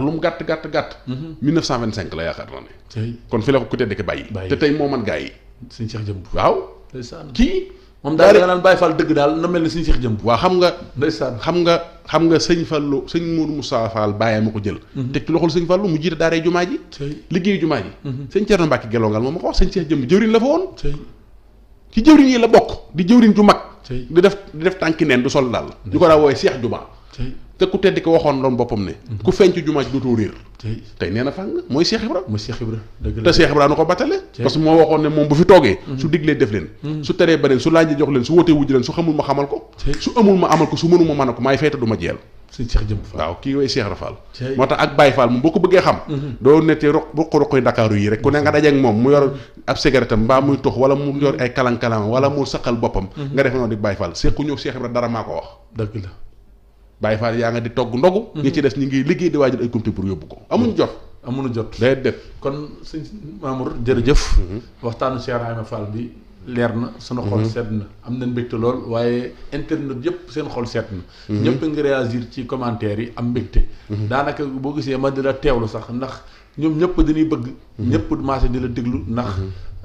mu gàtt gàtt gàtt 1925 mm-hmm. la yaakaar naa ne kon fi la ko ku moo man gars yi sëñ Cheikh jëm waaw ndeysaan kii moom daal da nga naan Baye Fall dëgg daal na mel ni sëñ Cheikh Jëmb. waa xam nga. ndeysaan xam nga xam nga sëñ Fallu sëñ Mourou Moussa Fall bàyyee ma ko jël. Mhm. teg ci loxol sëñ Fallu mu jiite daaree jumaa ji. liggéeyu jumaa ji. Mhm. sëñ Thierno Mbacke Gelongal moom ma ko wax sëñ Cheikh Jëmb jëwriñ la fa woon. ci jëwriñ yi la bokk di jëwriñ ju mag. di def di def tànki neen du sol daal. ñu ko daa wooye Cheikh Juma. te ku tedd ko waxoon loon boppam ne. Mhm. ku feeñ ci jumaa ji dootoo réer tay nee fang moy Cheikh Ibra moy Cheikh Ibra deug la te Cheikh Ibra nako batale parce que moo waxoon ne bu fi toge mm. su diglé def len mm. su téré ba su laajee jox len su woté wujj len su xamul ma xamal ko su amul ma amal ko su mënu ma man ko may fayta duma jël jeel Cheikh Jëmb Fall waaw ki way Cheikh Rafal moo ak Baye Fall moom boo ko xam do mm-hmm. doo rok roq roq roqoy dakaru yi rek ku ne nga dajé ak mom mu yor ab cigarette mba muy tox wala mu yor ay kalan kalan wala mu saqal bopam mm-hmm. nga def non di Baye Fall sequ ñëw Cheikh Ibra dara mako wax deug la Baye Fall yaa nga di togg ndogu. ngi mhm. ci des ñu ngi liggéey di waajal ay comité pour yóbbu ko amuñ jot. Mhm. amuñu jot day def kon sëñ Mamour jërëjëf. Mhm. waxtaanu Cheikh Ibrahima Fall bi leer na. sunu xol sedd na am nañ mbégte lool waaye internet yëpp seen xol sedd na. ñëpp ngi réagir ci commentaire yi am mbégte. daanaka boo gisee ma di la teewlu sax ndax ñoom ñëpp dañuy bëgg. ñëpp maase di la déglu ndax.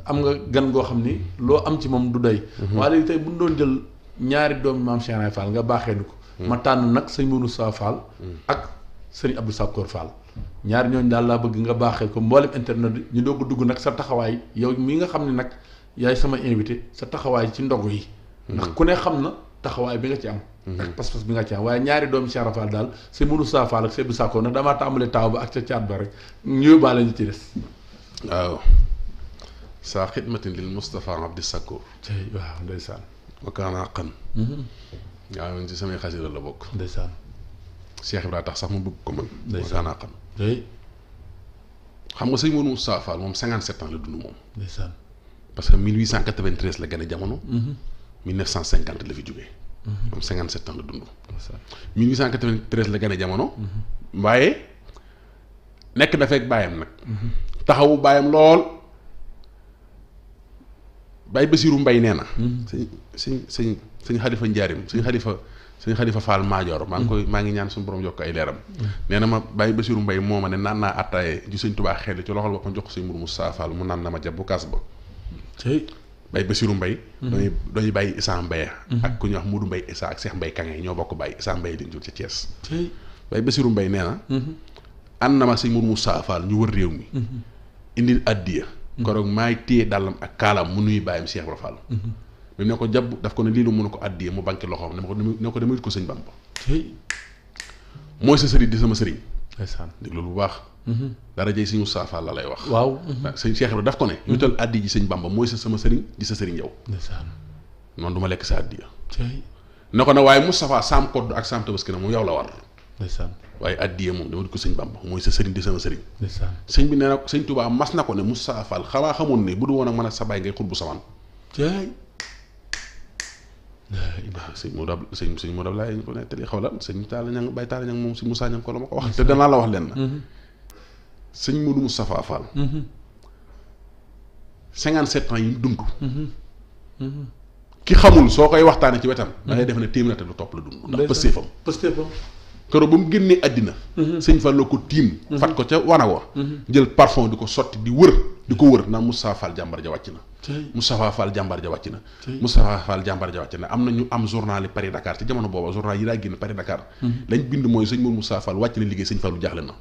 am nga gan goo xam ni loo am ci moom du doy. waaye léegi bu doon jël ñaari doomi maam Cheikh Ibrahima nga baaxee ni ko. ma tànn nag sëñ Moussa Fall. ak sëñ Abdou Sakkoor Fall. ñaar ñooñu daal laa bëgg nga baaxee ko mboolem internet ñu doog a dugg nag sa taxawaay yow mi nga xam ne nag yaay sama invité sa taxawaay ci ndogu yi. ndax ku ne xam na taxawaay bi nga ci am. ak pas-pas bi nga ci am waaye ñaari doomi Cheikh Rafal daal sëñ Moussa Fall ak sëñ Abdou Sakkoor nag damaa tàmbalee taaw ba ak ca caat ba rek ñu baale ñu ci des. waaw. saa xidmatin lil Moustapha Abdou Sakkoor. waaw waaw man ci samay xasida la bokk. ndeysaan. Cheikh Ibrahima tax sax mu bëgg ko man. ndeysaan naa xam. xam nga sëñ Modou Moustapha Fall moom 57 ans la dund moom. ndeysaan. parce que 1893 la gane jamono. 1950 mm-hmm. la fi jógee. Mm-hmm. moom 57 ans la dund. 1893 la a jamono. Mm-hmm. waaye nekk na fekk baayam nag. taxawu baayam lool. Baye Basirou Mbaye nee na. sëñ sëñ sëñ. suñu xalifa njaarim suñu xalifa suñu xalifa Fall Maajoor maa ngi koy maa ngi ñaan suñu borom yokk ay leeram nee na ma bàyyi Basiru Mbay moo ma ne naan naa attaaye ju sëñ Tubaa xel ci loxol boppam jox ko sëñ Muru Musaa Fall mu naan na bu kaas ba bàyyi Basiru Mbay mm-hmm. dañuy dañuy bàyyi Isaa Mbaye mm-hmm. ak ku ñuy wax Mudu Mbay Isaa ak Seex Mbay Kange ñoo bokk bàyyi Isaa Mbay liñ jur ca Thiès bàyyi Basiru Mbay nee na mm-hmm. ànd na ma sëñ Muru Musaa ñu wër réew mi indil addiya koroog maay téye dàllam ak kaalam mu nuy bàyyam Seex Ibra Fall bi ne ko jàpp daf ko ne lii lu mënu ko àddiyee mu banque loxoom ne ko ne ko demul ko sëñ Bamba mooy sa sëriñ di sama sëriñ ndeysaan déglu bu baax mm-hmm. dara jëy sëñ Moussa Fall lay wax waaw sëñ Cheikh Ibra daf ko ne ñu tal addi sëñ Bamba mooy sa sama sëriñ di sa sëriñ yow ndeysaan noonu du lekk sa addiya ne ko na waaye Moustapha saam ak saam tabaski na yow la war ndeysaan waaye addiya moom dama di ko sëñ Bamba mooy sa sëriñ di sama sëriñ ndeysaan sëñ bi nee na sëñ Touba mas na ko ne Moussa Fall xalaa xamoon ne bu du woon ak mën a sa baay ngay xul bu saman Eh, sëñ Modou Ab sëñ sëñ Modou Ablaye ñu ko nettali xaw la sëñ Talla Ñang Baye Talla Ñang moom si Moussa ko la ma ko wax te danaa la wax leen na mhm. sëñ Modou Moustapha Fall mhm. cinquante sept ans yi mu mhm. ki xamul soo koy waxtaanee ci wetam da ngay def ne téeméer at lu topp la dund ndax pëstéefam pëstéefam keroog ba mu génnee àddina mhm. sëñ Fallou ko tiim mhm. fat ko ca wana wa mhm. jël parfum di ko sotti di wër di ko wër naan Moustapha Fall jàmbar ja wàcc na Moustapha Fall jàmbar ja wàcc na Moustapha Fall jàmbar ja wàcc na am na ñu am journal yi Paris Dakar ci jamono booba journal yi daa génn Paris Dakar lañ bind mooy sëñ Mour Moustapha Fall wàcc na liggéey sëñ Fallou jaaxle na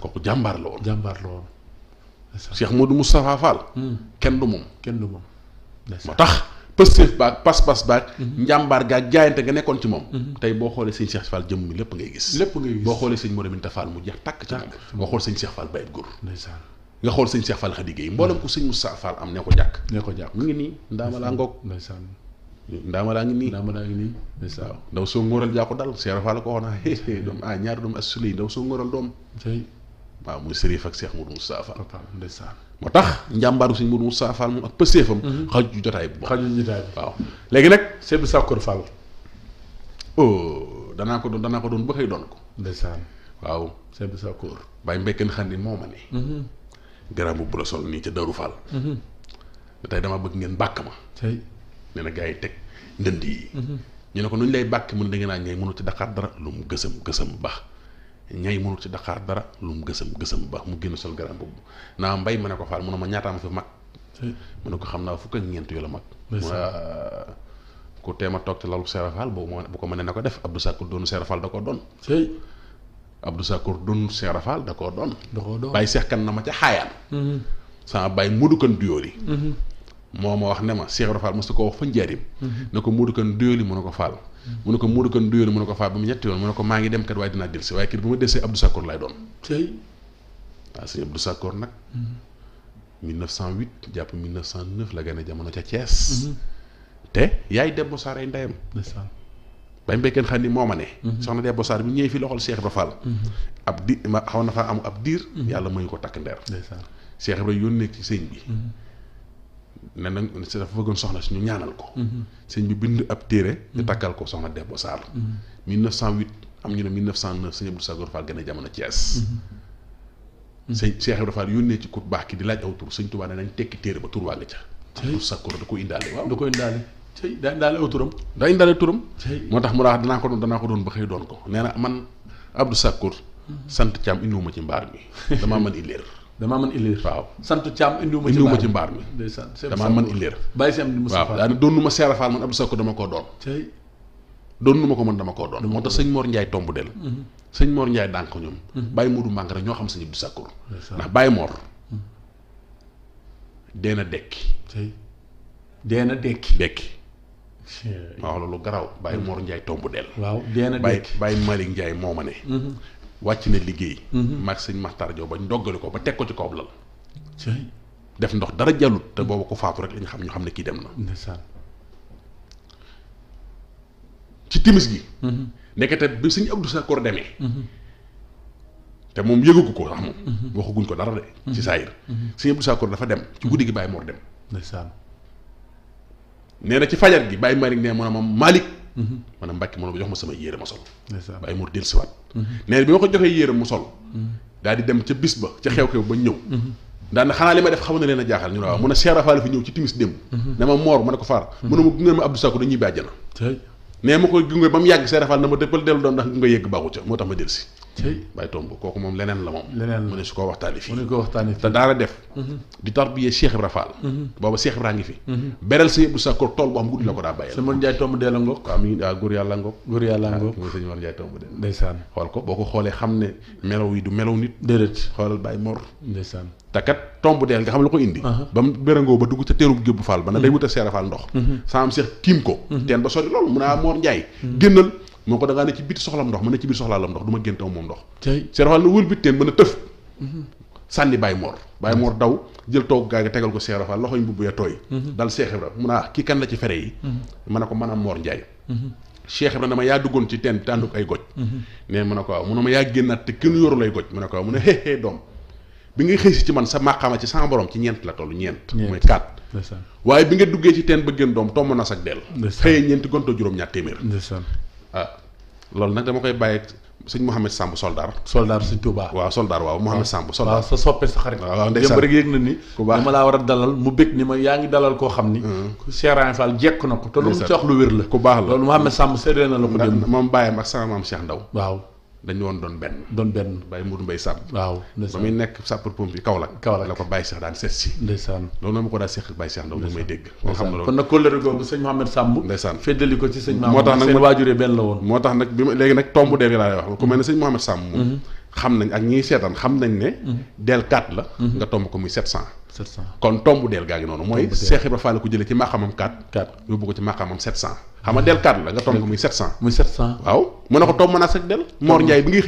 kooku jàmbaar la woon jàmbaar la du Cheikh Modou Moustapha hmm. kenn du moom kenn du moom moo tax pëssef bak pas-pas bak mhm. njambar ga jaayante nga nekkon ci mom mhm. tay bo xolé seigne Cheikh Fall jëmm mi lépp ngay gis lepp ngay gis bo xolé seigne Mor Aminta Fall mu jeex tak ci moom nga xool sëñ Cheikh Fall baye gor ndaysan nga xol seigne Cheikh Fall khadige mhm. mbolam ko seigne Moussa Fall am neko jak neko jak ko mu ngi ni ndaama laa ngoog ndeysaan ndaama laa ngi ni ndaama laa ngi ni ndaysaw ndaw so ngoral jako dal Cheikh Fall ko waxoon hee doom ah ñaari doom as suley ndaw soo ngóoral doom waaw muy sërif ak Cheikh Moussa Fall ndaysan moo tax njàmbaaru suñ Modou Moussa Fall moom ak pëseefam. Mhm. xaju jotaay bu xaju jotaay bi waaw. léegi nag Seydou Sakkour Fall. Oh. danaa ko doon danaa ko doon ba xëy doon ko. ndeysaan waaw Seydou Sakkour. koor Mbekken Xandi moo ma ne. garab bu la sol nii ca mhm. dama bëgg ngeen bàkk ma. tey nee na gars yi teg ndënd yi. Mhm. ñu ne ko nuñ lay bàkk mun da ngeen naa ñëw mënu ci daqaar dara lu mu gësam gësam baax. ñay mënul ci dakar dara lu mu gëssam mungkin ba mu génn sol garam bobu na mbay ma ko faal mu ñaata ma fi mak mu ko xamna naa ak yu la mag ah, ku teema ci lalu serafal bo bu bu ko mané nako def abdou sakour doonu serafal da ko doon abdou sakour doonu serafal da ko doon da ko kan na ma hmm sama bay mudu kan hmm moo ma wax ne ma Cheikh Rafal Fall ko wax fa njaarim ne ko mudu kan duyoli mu ko Fall mu ko kan duyoli mu ko mu ñetti yoon mu ko maa ngi dem kat waaye dinaa delsi waaye kër bu ma dese Abdou Sakor lay doon tey waaw Abdou Sakor nag 1908 jàpp 1909 la gane jamono ca Thiès te yaay dem Sarr ay ndeyam bañ béykat xam ni moo ma ne. Mhm. soxna Debbo Sarr bi ñëwee fi loxol Cheikh Rafal. Mhm. ab di am abdir diir. Mhm. yàlla mooy ko takk ndeer. Cheikh Ibra yónnee ci sëñ bi. ne na si dafa bëggoon soxna si ñu ñaanal ko. Mm-hmm. sëñ bi bind ab téere. ñu mm-hmm. takkal ko soxna Debbo Sall. 1908 am ñu ne 1909 sëñ Abdou Sagoor Fall gën a jamono Thiès. Mm-hmm. sëñ Cheikh Ibrahima Fall yónnee ci ku baax ki laaj aw sëñ Tuubaa ne nañ tekki téere ba tur waa nga ca. Abdou Sagoor da ko indaale waaw da ko indaale. tey daa indaale aw turam. daa indaale turam. moo tax mu daa ah, danaa ko doon danaa ko doon ba xëy doon ko nee na man Abdou Sagoor. sant Thiam indiwuma ci mbaar mi. damaa mën illéer damaa mën illiir waaw sant Thiam indiwuma ci indiwuma ci mbaar mi ndeysaan damaa man illiir bàyyi si am di Moussa waaw daane doonuma Seera Faal man Abdou Sakko dama koo doon tey doonuma ko man dama koo doon moo tax sëñ Mor Ndiaye tomb del mhm. sëñ Mor Ndiaye dànk ñoom mhm. Baye Modou Mangara ñoo xam sëñ Abdou Sakko ndax Baye Mor mhm. dee na dekki tey dee na dekki dekki ma wax loolu garaw Baye Mor Ndiaye tomb del waaw dee na dekki Baye ma ne wàcc na liggéey. Mhm. maag sëñ Maxtaar Jaw ba ndoggale ko ba teg ko ci kaw lal. def ndox dara jàllut te boobu ko faatu rek lañ xam ñu xam ne kii dem na. ndeysaan ci timis gi. Mhm. nekkate bi sëñ Abdou Sakor demee. Mhm. te moom yëgagu ko sax moom. waxaguñ ko dara de. ci saayir sëñ Abdou Sakor dafa dem ci guddi gi Baye Mor dem. ndeysaan nee na ci fajar gi Baye Malick nee ma ne ma Malick. ma ne Mbacke ma ne ma jox ma sama yére ma sol. ndeysaan Baye Mor dellusiwaat. Mm-hmm. mais bi ma ko joxee yére mu sol mm-hmm. daal di dem ca bis ba ca mm-hmm. xew-xew ba ñëw daan na xanaa li ma def xaw na leen a jaaxal ñu ne waaw mun a seerafaale fi ñëw ci timis démb ne ma moor ma ne ko faar mu ne ma gunge ma Abdou Sakho dañuy bàjjana nee ma ko gunge ba mu yàgg seerafaal na ma dëppal dellu doon ndax gunge yegg baaxu ca moo tax ma delsi tey bàyyi tomb kooku moom leneen la moom. la mu ne su ko waxtaanee fii mu ne ko waxtaanee fii te daana def. Mhm. di tarbiye Cheikh Ibra Fall. Mhm. booba Cheikh Ibra ngi fi. Mhm. beral sa yëpp sa ko tool bu am guddi la ko daa bàyyee. Mor Ndiaye tomb dee ba ba dugg ca teerub gébb Fall ba na day wutal Seera Fall ndox. saa am Cheikh tiim ko. teen ba sori loolu mun naa Mor Ndiaye génnal mo ko da nga ne ci biti soxlam ndox ma ne ci biir soxlaalam ndox duma genté mom ndox tay Cheikh Fall wul wël bit teuf mhm. sanni bay Mor bay Mor mhm. daw jël tok gaa tegal ko Cheikh Fall loxoñ bubbee ya toy mhm. dal Cheikh Ibra muna ah, ki kan la ci féré yi mané ko manam Mor ndjay cheikh ibra dama ya dugon ci teen tanduk ay goj né mu ko waaw ma ya gennat te kenn yoru lay goj mu ko waaw hé hé dom bi nga xëy ci man sa maqama ci sama borom ci ñent la tollu ñent moy quatre waye bi nga duggé ci teen ba gën dom tomb na sag dell xëyee ñeenti gonto juroom ñaat téeméer ah loolu nag dama koy bàyyi sëñ Mouhamed Samb soldar soldar sëñ Touba waaw soldar waaw Mouhamed Samb soldar waaw sa soppe sa xarit waaw démb rek yéeg na ni ma laa war a dalal mu bég ni ma yaa ngi dalal koo xam ni hmm. Cheikh Rahim Fall jekk na ko te lu mu ci wax lu wér la ku baax la loolu Mouhamed Samb séddee na la ko démb moom bàyyam ak sama maam Cheikh Ndaw waaw dañu woon doon benn. doon benn bàyyi Mourou Mbaye Samb. waaw ba muy nekk kaw pompier Kaolack. Kaolack la ko Baye Cheikh daan seet si. ndeysaan loolu noonu ma ko daan seqal Baye Cheikh ndaw mu may dégg. nga xam ne loolu kon nag kóllëre googu sëñ Mouhamed Samb. ndeysaan féddali ko ci sëñ. moo tax nag seen waajur benn la woon. moo tax nag bi ma léegi nag tomb dee nga laa lay moom mm-hmm. xam nañ ak ñiy seetaan xam nañ ne. Mhm. del 4 mhm. la. nga tomb ko muy 700. 700 kon tombu del gaa ngi noonu. mooy Cheikh Ibra Fall ko jëlee ci maqaamam 4. 4 yóbbu ko ci maqaamam 700. xam nga del 4 la nga tomb ko muy 700. muy 700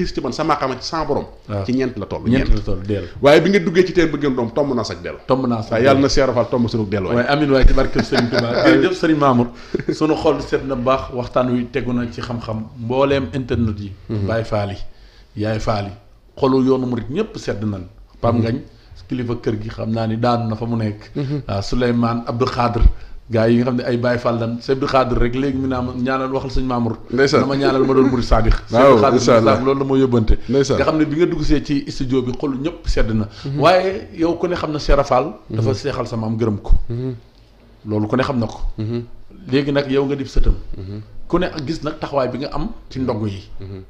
ci man borom. ci ñeent la toll. ñeent la toll del. waaye bi nga duggee ci teen bëggeen doom tomb naa sax del. tomb naa sax del yàlla na Cheikh Ibra Fall tomb suñu del waay. waaye amiin waay ci barke Serigne Touba jërëjëf Serigne Mamour. sunu xol seet na baax waxtaan wi internet yi. Mhm. Baye Fall yaay faali xolu yoonu murit ñëpp sedd nañ pam mhm. ngañ kilifa kër gi xam naa ni daanu na fa mu nekk mhm. waaw Souleymane Abdou Khadr gaa yi nga xam ne ay baay Fall lan Abdou Khadr rek léegi mu naa ma ñaanal waxal sëñ Mamour ndeysaan ma ñaanal ma doon murit saadix Abdou Khadr loolu la moo yóbbante nga xam ne bi nga duggsee ci studio bi xolu ñëpp sedd na mhm. waaye yow ku ne xam na Cheikh Fall dafa seexal sa maam gërëm ko loolu ko ne xam na ko léegi nag yow nga dib sëtam ku ne gis nag taxawaay bi nga am ci ndogg yi.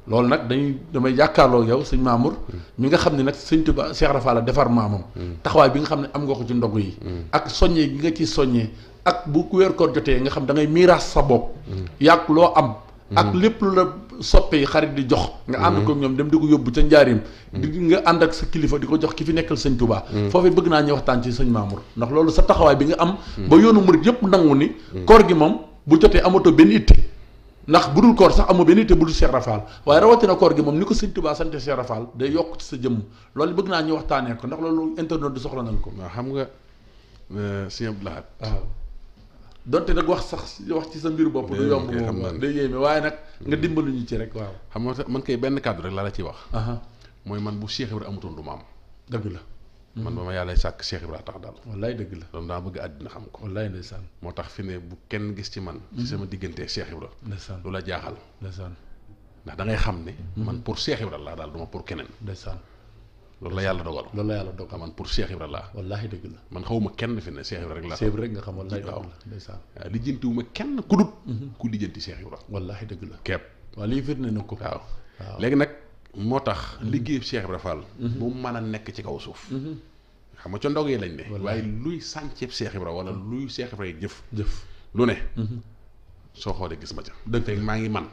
loolu nag dañuy damay jàkkaarloo yow sëñ Mamour. mi nga xam ne nag sëñ Tuba Cheikh Rafa la defar maamam. taxawaay bi nga xam ne am nga ko ci ndogg yi. ak soññee gi nga ci soññee ak bu weer koor jotee nga xam da ngay miiraas sa bopp. yàq loo am. ak lépp lu la soppe yi xarit di jox. nga ànd ko ñoom dem di ko yóbbu ca njaarim di nga ànd ak sa kilifa di ko jox ki fi nekkal sëñ Tuba. foofee bëgg naa ñu waxtaan ci sëñ Mamour ndax loolu sa taxawaay bi nga am. ba yoonu murit yëpp nangu ni. koor gi moom bu jotee amatoo benn itte ndax budul koor sax amoo benn te budul Cheikh Rafal waaye rawatina koor gi moom ni ko sëñ Tuubaa sant Cheikh Rafal day yokk ci sa jëmm loolu bëgg naa ñu waxtaanee ko ndax loolu internet du soxla nañ ko. waaw xam nga euh, sëñ Abdou Lahad. waaw nag wax sax wax ci sa mbir bopp. du yomb moom day yéeme waaye nag nga mm. dimbalu ñu ci rek waaw. xam nga man koy benn kàddu rek laa la ciy wax. mooy man bu Cheikh Ibrahima amutoon du ma am. dëgg la. man mhm. ba ma yàlla sàkk Cheikh Ibra tax daal wallaay dëgg la loolu daa bëgg àddina xam ko wallaay ndeysaan moo tax fi bu kenn gis ci man ci mhm. sama diggante Cheikh Ibra ndeysaan lu la jaaxal ndeysaan ndax da ngay xam ne mhm. man pour Cheikh Ibra laa daal duma pour keneen ndeysaan loolu la yàlla dogal loolu la yàlla dogal man pour Cheikh Ibra laa wallaahi dëgg la man xawma kenn fi ne Cheikh Ibra rek laa Cheikh Ibra rek nga xam wallaahi dëgg la ndeysaan waaw lijjantiwuma kenn ku dut ku lijjanti Cheikh Ibra wallaahi dëgg la kepp waaw lii firnde na ko waaw léegi nag moo tax mhm. liggéey Cheikh Ibra Fall mhm. bu mu a nekk ci kaw suuf mhm. xam nga ca ndog yi lañ ne waaye luy sànceeb Cheikh Ibra wala luy Cheikh Ibra jëf jëf lu ne soo xoolee gis ma ca dëgg maa ngi man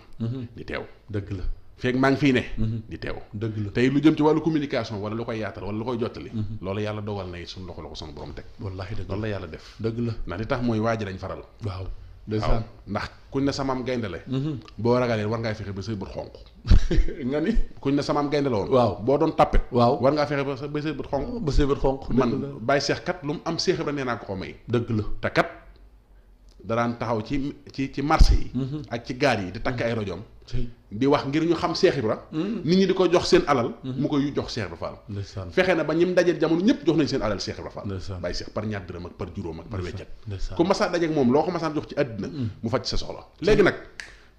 di teew dëgg la feeg maa ngi fii ne di teew dëgg la tey lu jëm ci wàllu communication wala lu koy yaatal wala lu koy jottali loolu yàlla dogal na it suñu loxo la ko suñu borom teg wallaahi dëgg loolu la yàlla def dëgg la ndax li tax mooy waaji lañ faral waaw waaw ndax kuñ ne samaam gaynde la mhm. boo ragalee war ngaa fexe ba say bët xonq nga ni kuñ ne samaam gaynde la woon waaw boo doon tàppet waaw war ngaa fexe ba ba say bët xonq ba say bët xonq man bàyyi seex kat lu mu am seex ba nee naa ko ko may dëgg la te kat daraan taxaw ci ci ci marché yi mhm. ak ci gaar yi di takk mhm. ay rojom di wax ngir ñu xam Cheikh Ibra hmm. nit ñi di ko jox seen alal hmm. mu koy jox Cheikh Ibra Fall fexe na ba ñim dajeel jamono ñëpp jox nañ seen alal Cheikh Ibra Fall bàyyi Cheikh par ñaar ak par juróom ak par weccet ku masaan dajeek moom loo ko masaan jox ci àddina hmm. mu faj sa soxla léegi nag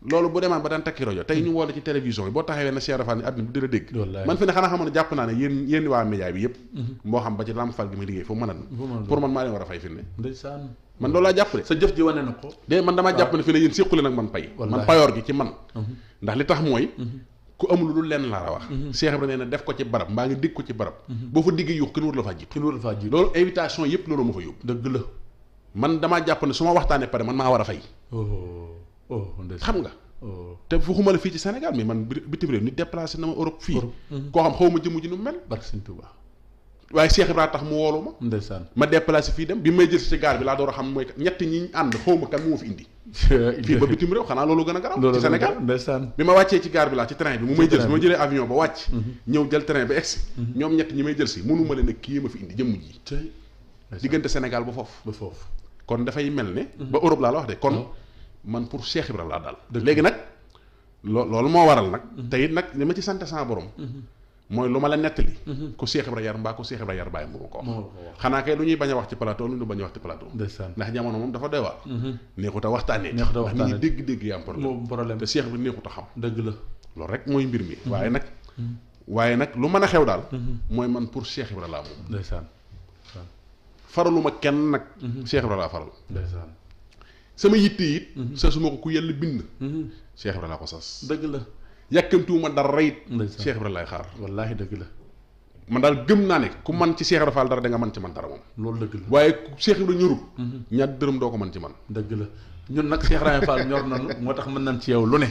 loolu bu demaan ba daan takki rajo tey ñu woola ci télévision yi boo taxawee na Cheikh Ibra Fall ni àddina bi dina dégg man fi ne xanaa xamoon jàpp naa ne yéen yéen waa média man loolu laa jàpp de. sa jëf ji wane na ko. de man damaa ah. jàpp ne fii la yéen séqule nag man pay. man payoor gi ci man. Mhm. ndax li tax mooy. Mhm. ku amul lu lenn laa la wax. Mhm. Cheikh Ibrahima nee na def ko ci barab mbaa ngi digg ko ci barab. boo fa diggee yuux kenn warul la faa jiitu. kenn warul la faa jiitu loolu invitation yëpp loolu ma fa yóbbu. dëgg la man damaa jàpp ne su ma waxtaanee pare man maa war a fay. Oh, oh, oh, xam nga. te fu xuma la fii ci Sénégal mais man bitim réew nit déplacé na ma Europe fii. koo xam ma jëmu ji nu mel. barke Sëñ Tuubaa waaye Cheikh Ibrahima tax mu woolu ma. ndeysaan ma déplacé fii dem bi may jël ci gaar bi laa door xam xam mooy ñett ñi ànd xaw ma kan moo fi indi. fii ba bitim réew xanaa loolu gën a garaaw. ci Sénégal ndeysaan bi ma wàccee ci gaar bi laa ci train bi mu may jël si ma jëlee avion ba wàcc. Mhm. ñëw jël train ba egsi. Mhm. ñoom ñett ñi may jël si mënu ma leen a kii ma fi indi jëmm ji. diggante Sénégal ba foofu. ba foofu kon dafay mel ne. Mhm. ba Europe laa la wax de kon oh. man pour Cheikh la laa daal. léegi nag loo loolu moo waral nag. te nag li ma ci sant sa borom mooy lu ma la nettali. Mhm. ku Cheikh Ibra yar mbaa ku Cheikh Ibra yar bàyyi mu ko wax xanaa kay lu ñuy bañ a wax ci plateau lu ñu bañ a wax ci plateau ndax jamono moom dafa doy waar mhm. neexut a waxtaanee ndax dégg-dégg yi am problème te Cheikh bi neexut a xam dëgg la loolu rek mooy mbir mi mhm. waaye nag waaye nag lu mën a xew daal mooy man pour Cheikh Ibra laa moom ndeysaan faraluma kenn nag Cheikh Ibra laa faral ndeysaan sama yitte it sasuma ko ku yàlla bind Cheikh Ibra laa ko sas dëgg la yàkkamtuwuma dara it Cheikh Ibra laay xaar wallaahi dëgg la man daal gëm naa ne ku man ci Cheikh Ibra Fall dara danga nga man ci man dara moom loolu dëgg la waaye Cheikh Ibra ñorul mhm. ñaat dërëm doo ko man ci man dëgg la ñun nag Cheikh Ibra Fall ñor nañu moo tax mën nañ ci yow lu ne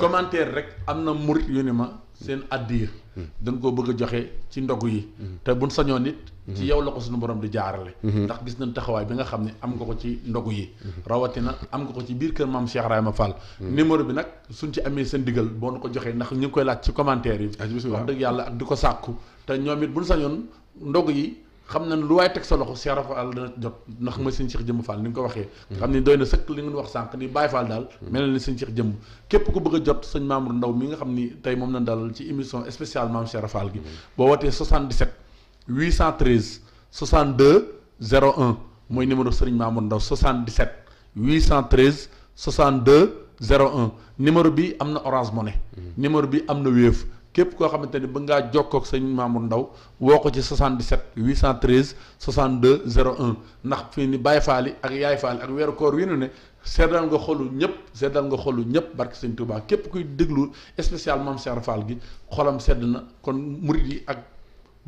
commentaire rek am na murit yu ne ma seen addiya hmm. dañ koo bëgg a joxe ci ndogu yi hmm. te buñ sañoo nit ci yow la ko suñu borom di jaarale mhm. ndax gis nañ taxawaay bi nga xam ne am nga ko ci ndogu yi rawatina am nga ko ci biir kër maam Cheikh Rahima Fall mhm. numéro bi nag suñ ci amee seen digal boo nu ko joxee ndax ñu ngi koy laaj ci commentaire yi wax dëgg yàlla ak ko sàkku te ñoom ndog yi xam nañ lu waaye teg sa loxo Cheikh Rahima jot ndax mooy seen Cheikh Jëmm ni nga ko waxee mhm. nga xam ne doy wax sànq ni Baye Fall daal mel ku bëgg a jot sëñ Mamour Ndaw mi nga xam ni tey moom nañ dalal ci émission spéciale maam Cheikh Rahima Fall gi boo wootee 813 62 01 moy numéro 813 62 01 numéro bi am Orange Money. Mm. numéro bi amna képp ko xamanteni ba nga jokk ak Serigne Mamour Ndaw ci 77 813 62 01 ndax fini ni Baye fali ak Yaay ak koor wi nu ne. sédal nga dans le sédal nga xolu ñëpp barke quest Touba képp kuy déglu spécialement Cheikh rafal gi xolam kon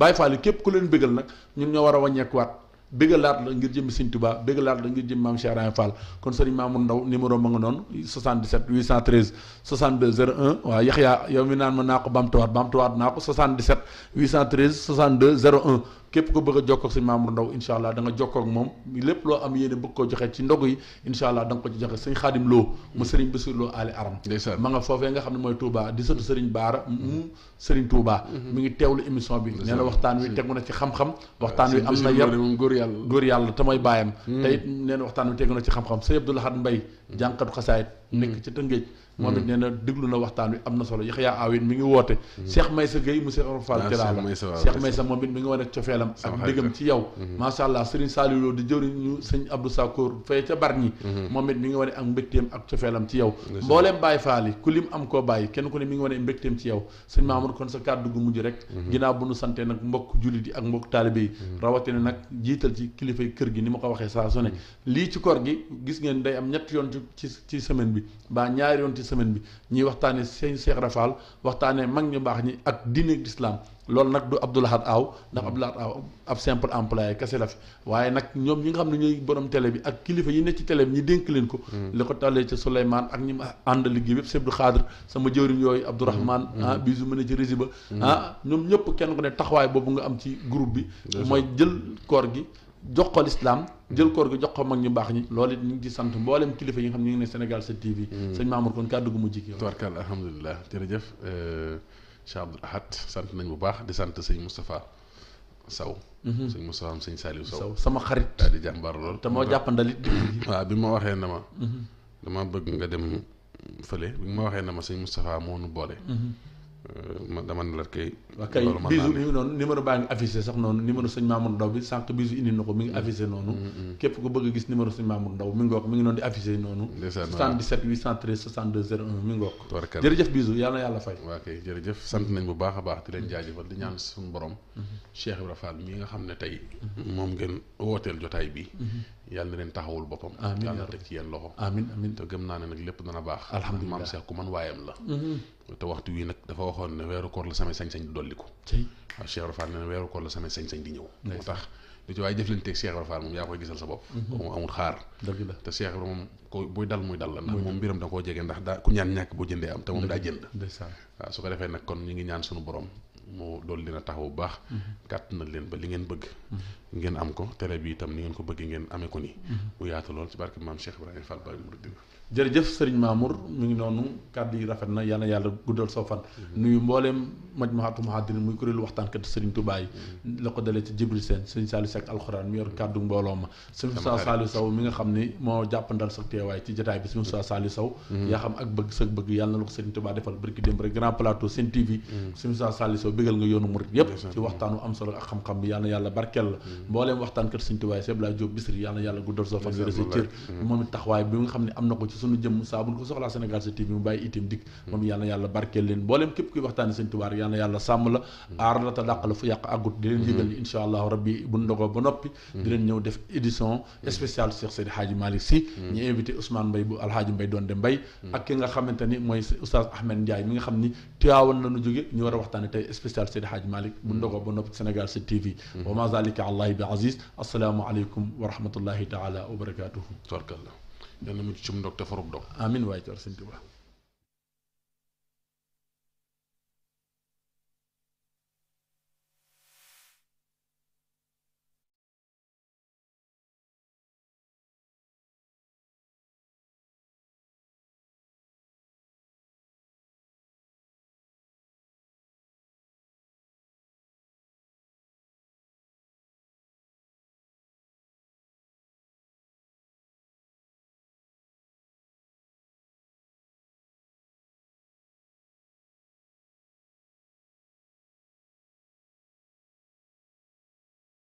Baye Fall yi képp ku leen bégal nag ñun ñoo war a wàññeekuwaat bégalaat la ngir jëm Serigne Touba bégalaat la ngir jëm Mame Cheikh Ibrahima Fall kon Serigne Mamour Ndaw numéro ma nga noonu 77 813 62 01 waaw Yaxya yow mi naan ma naa ko bamtuwaat bamtuwaat naa ko 77 813 62 01 képp ko bëgg a jokkoo ak sëñ Mamour Ndaw incha allah da nga moom lépp loo am yéene bëgg koo joxe ci ndog yi incha allah da nga ko ci joxe sëñ Xaadim Lo mu sëriñ Basiru Lo Ali Aram ma nga foofee nga xam ne mooy Touba di sëtu sëriñ Baara mu sëriñ Touba mhm. mi ngi teew lu émission bi nee waxtaan wi tegu na ci xam-xam waxtaan wi am na yar moom góor yàlla góor yàlla te mooy baayam mhm. te it nee na waxtaan wi tegu na ci xam-xam sëñ Abdou Lahad Mbay mhm. jànkatu xasaayit nekk ci Tëngéej moom hmm. it nee na waxtaan wi am na solo Yaxya Awin mi ngi woote hmm. Cheikh Maysa Gueye mu ah, Cheikh Maysa moom it mi ngi wane cofeelam ak mbégam ci yow hmm. macha ci yow mbooleem Baye Fall yi ku lim am koo bàyyi kenn ku ne ngi wane mbégteem ci yow sëñ Mamour kon sa kàddu gu mujj rek ginnaaw bu nu santee nag mbokk jullit yi ak mbokk taalibe yi rawatina nag jiital ci kilifa kër gi ni ma ko waxee saa su ne lii ci kor gi gis ngeen day am ñett yoon ci ci semaine bi baa ñaari yoon ci semaine bi ñuy waxtaane seen Cheikh rafaal waxtaanee mag ñu baax ñi ak diine ak lislaam loolu nag du Abdou Lahad Aw ndax Abdou Lahad Aw ab simple employé kese la fi waaye nag ñoom ñi nga xam ne ñuy borom télé bi ak kilifa yi ne ci télé bi ñi dénk leen ko hmm. li ko talee ci Souleymane ak ñi ma ànd liggéey yëpp Sebdou Khadre sama jëwriñ yooyu Abdourahmane hmm. hmm. ah bisu mën a ci rési ba ah ñoom ñëpp kenn ku ne taxawaay boobu nga am ci groupe bi mooy jël koor gi jox ko lislaam jël koor gi jox ko mag ñu baax ñi loolu it ñu ngi ci sant mboolem kilifa yi nga xam ñu ngi ne Sénégal 7 TV hmm. sëñ Mamour kon kàddu gu mujj gi tubarkal alhamdulilah jërëjëf euh, Cheikh Abdoul Ahad sant nañ bu baax di sant sëñ Moustapha Saw hmm. sëñ Moustapha am sëñ Saliou Saw sama xarit daal di jàmbaar lool te moo jàppandalit waaw bi ma waxee na ma hmm. dama bëgg nga dem fële bi ma waxee na ma sëñ Moustapha moo nu boole euh, ma dama ne la kay ok bisu mi ngi noonu numéro baa ngi affiché sax noonu numéro sëñ Mamour Ndaw bi sànq bisu indi na ko mi ngi affiché noonu mm, mm, mm. képp ko bëgg a gis numéro sëñ Mamour Ndaw mi ngi noonu di affiché noonu 77 813 62 01 mi ngi wax jërëjëf bisu yàlla na yàlla fay waa kay sant nañ bu baax a baax di leen jaajëfal di ñaan suñu borom mm-hmm. Cheikh Ibrahima Fall mii nga xam ne tey mm-hmm. moom ngeen wooteel jotaay bi mm-hmm. yàlla na leen taxawul boppam amin te gëm naa ne nag lépp dana baax alhamdulilah maam la te waxtu wii nag dafa waxoon dolliku waaw Cheikh Ibra Fall nee na weeru koor la sama sañ-sañ di ñëw moo tax lu ci waaye jëflanteeg Cheikh Ibra Fall moom yaa koy gisal sa bopp mhm. moom amul xaar dëgg la te Cheikh Ibra moom ko buy dal muy dal la ndax moom mbiram da koo jege ndax daa ku ñaan ñàkk boo jëndee am te moom daa jënd waaw su ko defee nag kon ñu ngi ñaan suñu borom mu dool leen a taxaw bu baax kàtt mhm. na leen ba li ngeen bëgg mhm. ngeen am ko télé bi itam ni ngeen ko bëgg ngeen amee ko ni mu lool ci barke maam Cheikh Ibrahima Fall jërëjëf sëriñ Mamour mu ngi noonu kàddu yi rafet na yàlla yàlla guddal soo fan mhm. nuyu mbooleem majmuhatu muhaadirin muy kuréelu waxtaankat sëriñ Touba yi mhm. la ko dalee ci Jibril Sène sëriñ Saliou Seck alxuraan mi yor kàddu mbooloo ma sëriñ Moussa Saliou Sow mi nga xam ni moo jàppandal sa teewaay ci jotaay bi sëriñ Moussa Saliou Sow mhm. yaa xam ak bëgg sa bëgg yàlla na la ko sëriñ Touba defal barki démb rek grand plateau Sen TV sëriñ Moussa Saliou Sow bégal nga yoonu murit yépp ci waxtaanu am solo ak xam-xam bi yàlla yàlla barkeel la mbooleem waxtaankat sëriñ Touba yi Seydou Abdoulaye Diop Bichri yàlla yàlla guddal soo fan wéra sa moom it taxawaay bi nga xam ne am na ko ci suñu jëmm saa bu ñu ko soxlaa Sénégal 7 TV mu bàyyi itam dikk moom yal na yàlla barke leen mbooleem képp kuy waxtaani sëñ Tuubaa yal na yàlla sàmm la aar la te dàq la fu yàq agut di leen yëgal ni insha allahu rabbi bu ndogoo ba noppi di leen ñëw def édition spéciale Cheikh Seydi Hadji Malick Sy ñu invité Ousmane Mbaye bu Alhaaji Mbaye doon de mbay ak ki nga xamante ni mooy Oustaz Ahmed Ndiaye mi nga xam ni Tiwaawan lañu jóge ñu war a waxtaane tey spécial Seydi Hadji Malick bu ndogoo ba noppi Sénégal 7 TV wa ma zalika allahi bi aziz assalaamu aleykum wa rahmatullahi taala wa barakatuhu yal na mucc ci mu dog te forub dog amiin waay sëñ Tuubaa